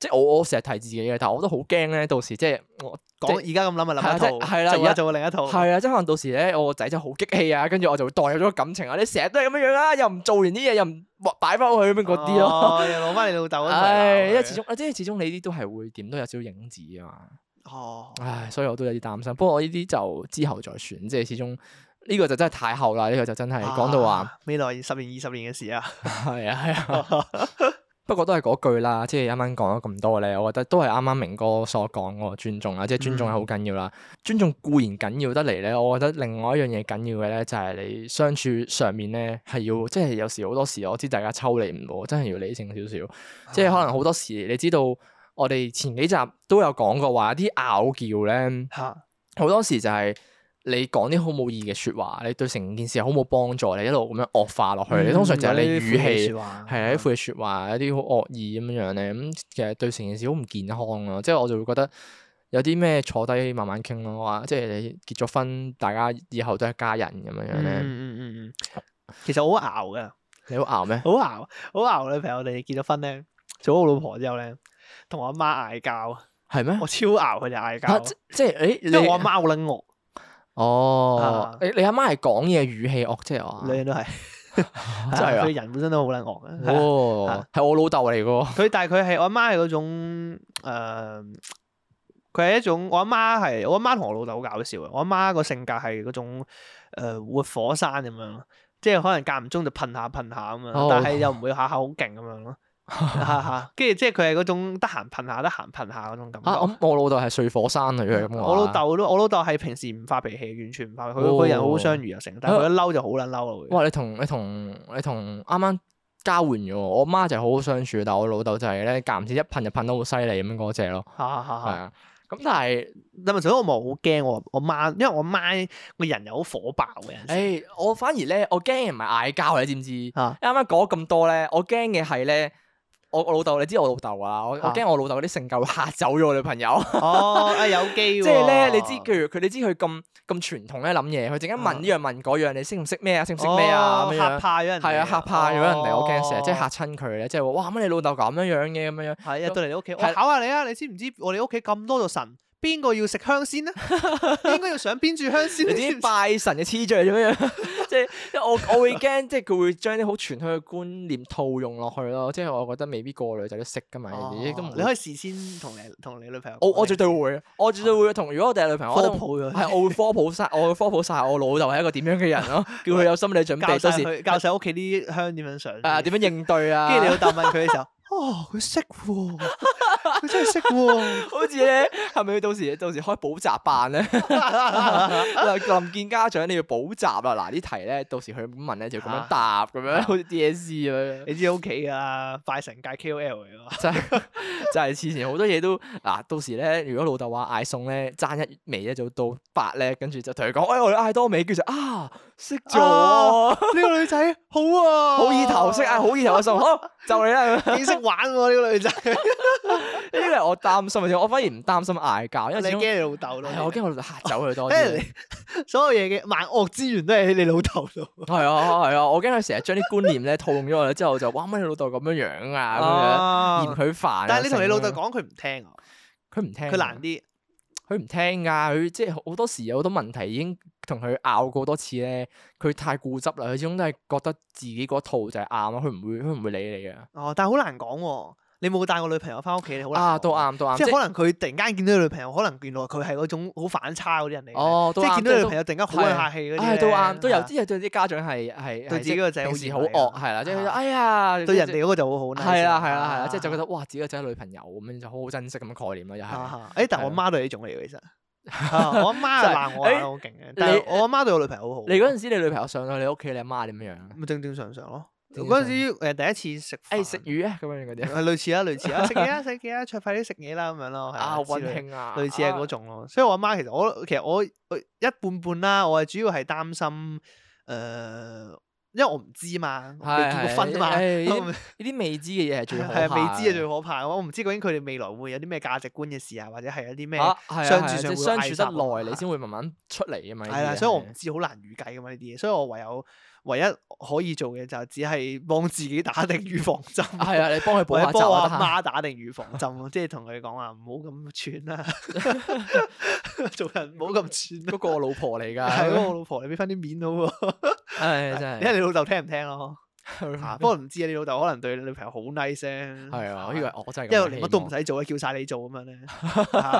即係我我成日提自己嘅，但係我都好驚咧。到時即係我講而家咁諗啊諗一套，係啦，而家做另一套。係啊，即係可能到時咧，我個仔真係好激氣啊！跟住我就會代入咗感情啊。你成日都係咁樣樣啊，又唔做完啲嘢，又唔擺翻去邊個啲咯？又攞翻你老豆，因為始終，即係始終你啲都係會點都有少少影子啊嘛。唉，所以我都有啲擔心。不過我呢啲就之後再算，即係始終呢個就真係太後啦。呢個就真係講到話未來十年、二十年嘅事啊。係啊，係啊。不過都係嗰句啦，即係啱啱講咗咁多咧，我覺得都係啱啱明哥所講嗰個尊重啦，即係尊重係好緊要啦。嗯、尊重固然緊要得嚟咧，我覺得另外一樣嘢緊要嘅咧，就係你相處上面咧係要，即係有時好多時我知大家抽離唔到，真係要理性少少。啊、即係可能好多時，你知道我哋前幾集都有講過話啲拗撬咧，好、啊、多時就係、是。你講啲好冇意義嘅説話，你對成件事好冇幫助，你一路咁樣惡化落去，你通常就係你語氣係一副負氣説話，一啲好惡意咁樣樣咧，咁其實對成件事好唔健康咯。即係我就會覺得有啲咩坐低慢慢傾咯，我話即係你結咗婚，大家以後都係家人咁樣樣咧。嗯嗯嗯嗯，其實我好熬噶，你好熬咩？好熬，好熬，女朋友你哋結咗婚咧，做咗我老婆之後咧，同我阿媽嗌交啊，係咩？我超熬佢哋嗌交，即係誒，因為我阿媽好撚惡。哦，啊欸、你阿媽係講嘢語氣惡，啫、就是。係，女人都係， [LAUGHS] 真係佢人本身都好撚惡嘅。哦，係我老豆嚟噶，佢但係佢係我阿媽係嗰種，誒、呃，佢係一種，我阿媽係我阿媽同我老豆好搞笑啊！我阿媽個性格係嗰種，誒、呃，活火山咁樣咯，即係可能間唔中就噴下噴下咁樣，哦、但係又唔會下下好勁咁樣咯。吓吓，跟住即係佢係嗰種得閒噴下，得閒噴下嗰種感覺。啊，我我老豆係睡火山嚟嘅咁。我老豆都，我老豆係平時唔發脾氣，完全唔發脾，佢佢、哦、人好好相處又成，但佢一嬲就好撚嬲咯。哇！你同你同你同啱啱交換咗，我媽就係好好相處，但我老豆就係咧，夾唔知一噴就噴得好犀利咁嗰隻咯。係啊 [LAUGHS] 的。咁 [LAUGHS] 但係你咪所以我冇好驚我我媽，因為我媽個人又好火爆嘅。誒、哎，我反而咧，我驚唔係嗌交，你知唔知？啱啱講咁多咧，我驚嘅係咧。我老豆，你知我老豆啊！我我驚我老豆嗰啲性格嚇走咗我女朋友。啊，有機喎！即係咧，你知譬如佢你知佢咁咁傳統咧諗嘢，佢陣間問呢樣、啊、問嗰樣，你識唔識咩啊？識唔識咩啊？嚇怕咗人哋。係啊、哦！怕嚇怕咗人哋，我驚成日即係嚇親佢咧，即係話哇乜你老豆咁樣樣嘅咁樣樣。係啊、哎，到嚟你屋企，是我考下你啊！你知唔知我哋屋企咁多座神，邊個要食香先咧？ [LAUGHS] [LAUGHS] 應該要上邊住香先？你知？拜神嘅黐線啫！ [LAUGHS] [LAUGHS] [LAUGHS] 即係，我我會驚，即佢會將啲好傳統嘅觀念套用落去咯。即我覺得未必個個女仔都識噶嘛，你可以事先同你同你女朋友。啊、我我絕對會，我絕對會同。如果我哋係女朋友，科普咗係，我會科普晒。我會科普晒。我老豆係一個點樣嘅人咯， [LAUGHS] 叫佢有心理準備。到時教曬屋企啲香點樣上，啊點樣應對啊。跟住 [LAUGHS] 你老豆問佢嘅時候。 [LAUGHS] 哦，佢識喎，佢真係識喎， [LAUGHS] 好似咧，係咪到時到時開補習班咧？嗱，咁見家長你要補習啊，嗱啲題咧，到時佢問咧就咁樣答咁，啊、樣，好似 D S C 咁樣，你知 OK 噶啦，快成屆 K O L 嚟咯，真係真係黐線，好多嘢都嗱，到時咧如果老豆話嗌餸咧，爭一味咧就到八咧，跟住就同佢講，哎我嗌多尾，叫住啊。識咗，呢個女仔、啊、好啊，好意頭，識啊，好意頭嘅送，好就你啦。你識 [LAUGHS] 玩呢、呢個女仔，呢個我擔心啊，我反而唔擔心嗌交，因為你驚你老豆咯、哎，我驚我老豆嚇走佢多啲。 [LAUGHS] 所有嘢嘅萬惡之源都係喺你老豆度。係 [LAUGHS] [LAUGHS] [LAUGHS] 啊，係啊，我驚佢成日將啲觀念咧套用咗我，之後就哇咩你老豆咁樣樣啊，咁樣、啊、嫌佢煩、啊。但係你同你老豆講，佢唔聽，佢唔聽、啊，佢難啲，佢唔聽噶，佢即係好多時有好多問題已經。同佢拗過多次咧，佢太固執啦，佢始終都係覺得自己嗰套就係啱咯，佢唔會佢唔會理你嘅。哦，但係好難講，你冇帶個女朋友翻屋企，好難。啊，都啱，都啱，即係可能佢突然間見到女朋友，可能原來佢係嗰種好反差嗰啲人嚟。哦，即係見到女朋友突然間好客氣嗰啲。係，都啱，都有啲有啲家長係係對自己個仔有時好惡係啦，即係哎呀對人哋嗰個就好好啦。係啊係啊係啊，即係就覺得哇自己個仔女朋友咁樣就好好珍惜咁嘅概念咯，又係。嚇但我媽都係呢種嚟嘅，其實。 [LAUGHS] [LAUGHS] 我阿媽就鬧我好勁嘅，但係我阿媽對我女朋友好好。 [LAUGHS] 你嗰陣 [LAUGHS] 時你女朋友上咗你屋企，你阿媽點樣啊？咪正正常常咯。我嗰陣時誒第一次食誒食魚啊咁樣嗰啲， [LAUGHS] 類似啊類似啊食嘢啊食嘢啊，啊快啲食嘢啦咁樣咯。啊好温馨啊，類似係嗰種咯。 [LAUGHS] [LAUGHS] [LAUGHS] 所以我阿媽其,其實我其實我一半半啦，我係主要係擔心誒。呃因為我唔知嘛，未結過婚嘛，呢啲未知嘅嘢係最係啊，未知嘅最可怕。我唔知究竟佢哋未來會有啲咩價值觀嘅事啊，或者係有啲咩相處上會嗌交，即係相處得耐你先會慢慢出嚟啊嘛。係啊，所以我唔知，好難預計㗎嘛呢啲嘢，所以我唯有。唯一可以做嘅就只係幫自己打定預防針，係啊，你幫佢幫阿媽，媽打定預防針， [LAUGHS] 即係同佢講啊，唔好咁串啦，做人唔好咁串。不嗰 [LAUGHS] 我老婆嚟㗎，係嗰我老婆，你俾翻啲面好喎。係真係，你係你老豆聽唔聽咯？不過唔知啊，你老豆 [LAUGHS] 可能對你女朋友好 nice 嘅。 [LAUGHS] 係啊，以個我真係因為你乜都唔使做啊，叫晒你做咁樣咧，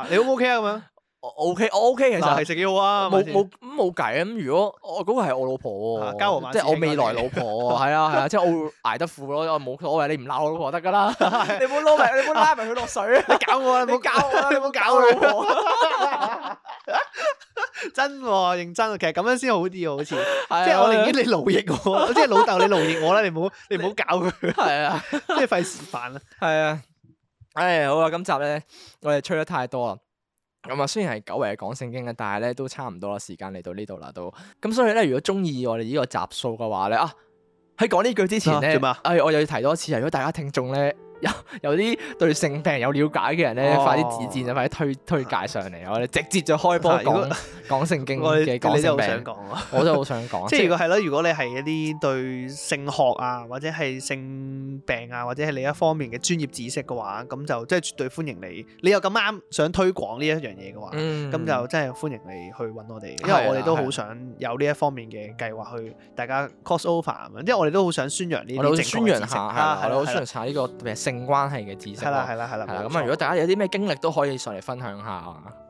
你 O 唔 OK 啊咁啊？O K，我 O K 其實係食幾好啊，冇冇咁冇計咁，如果我嗰、嗰個係我老婆，家我即係我未來老婆，係啊係啊，啊 [LAUGHS] 即係我捱得苦咯，我冇所謂，我我你唔鬧我老婆得噶啦，你唔好撈埋，你唔好拉埋佢落水，你搞我啊！你唔好搞我，你唔好搞我，真認真啊！真其實咁樣先好啲，好似 [LAUGHS] 即係我寧願你勞役我，即係老豆你勞役我啦！你唔好你唔好搞佢，係啊，即係費事煩啦，係啊，唉，好啊，今集咧我哋吹得太多啦。咁啊、嗯，雖然係久違講性經嘅，但係咧都差唔多啦，時間嚟到呢度啦都。咁所以咧，如果中意我哋呢個集數嘅話咧，啊喺講呢句之前咧，誒、啊哎、我又要提多一次，如果大家聽眾咧。有有啲對性病有了解嘅人咧，快啲自薦啊！快啲推推介上嚟我哋，直接就開波講講性經嘅講性病。我都好想講，我都好想講。即係如果係咯，如果你係一啲對性學啊，或者係性病啊，或者係另一方面嘅專業知識嘅話，咁就即係絕對歡迎你。你又咁啱想推廣呢一樣嘢嘅話，咁就真係歡迎你去揾我哋，因為我哋都好想有呢一方面嘅計劃去大家 cross over 咁。因為我哋都好想宣揚呢啲宣揚下，係啦，我宣揚下呢個性關係嘅知識，係啦係啦係啦係啦咁啊！如果大家有啲咩經歷都可以上嚟分享下。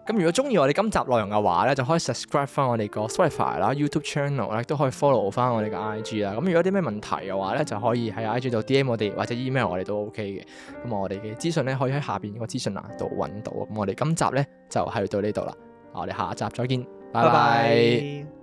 咁如果中意我哋今集內容嘅話咧，就可以 subscribe 翻我哋個 Spotify 啦、YouTube channel 咧，都可以 follow 翻我哋個 IG 啦。咁如果有啲咩問題嘅話咧，就可以喺 IG 度 DM 我哋或者 email 我哋都 OK 嘅。咁我哋嘅資訊咧，可以喺下邊個資訊欄度揾到。咁我哋今集咧就係到呢度啦。我哋下一集再見，拜拜。Bye bye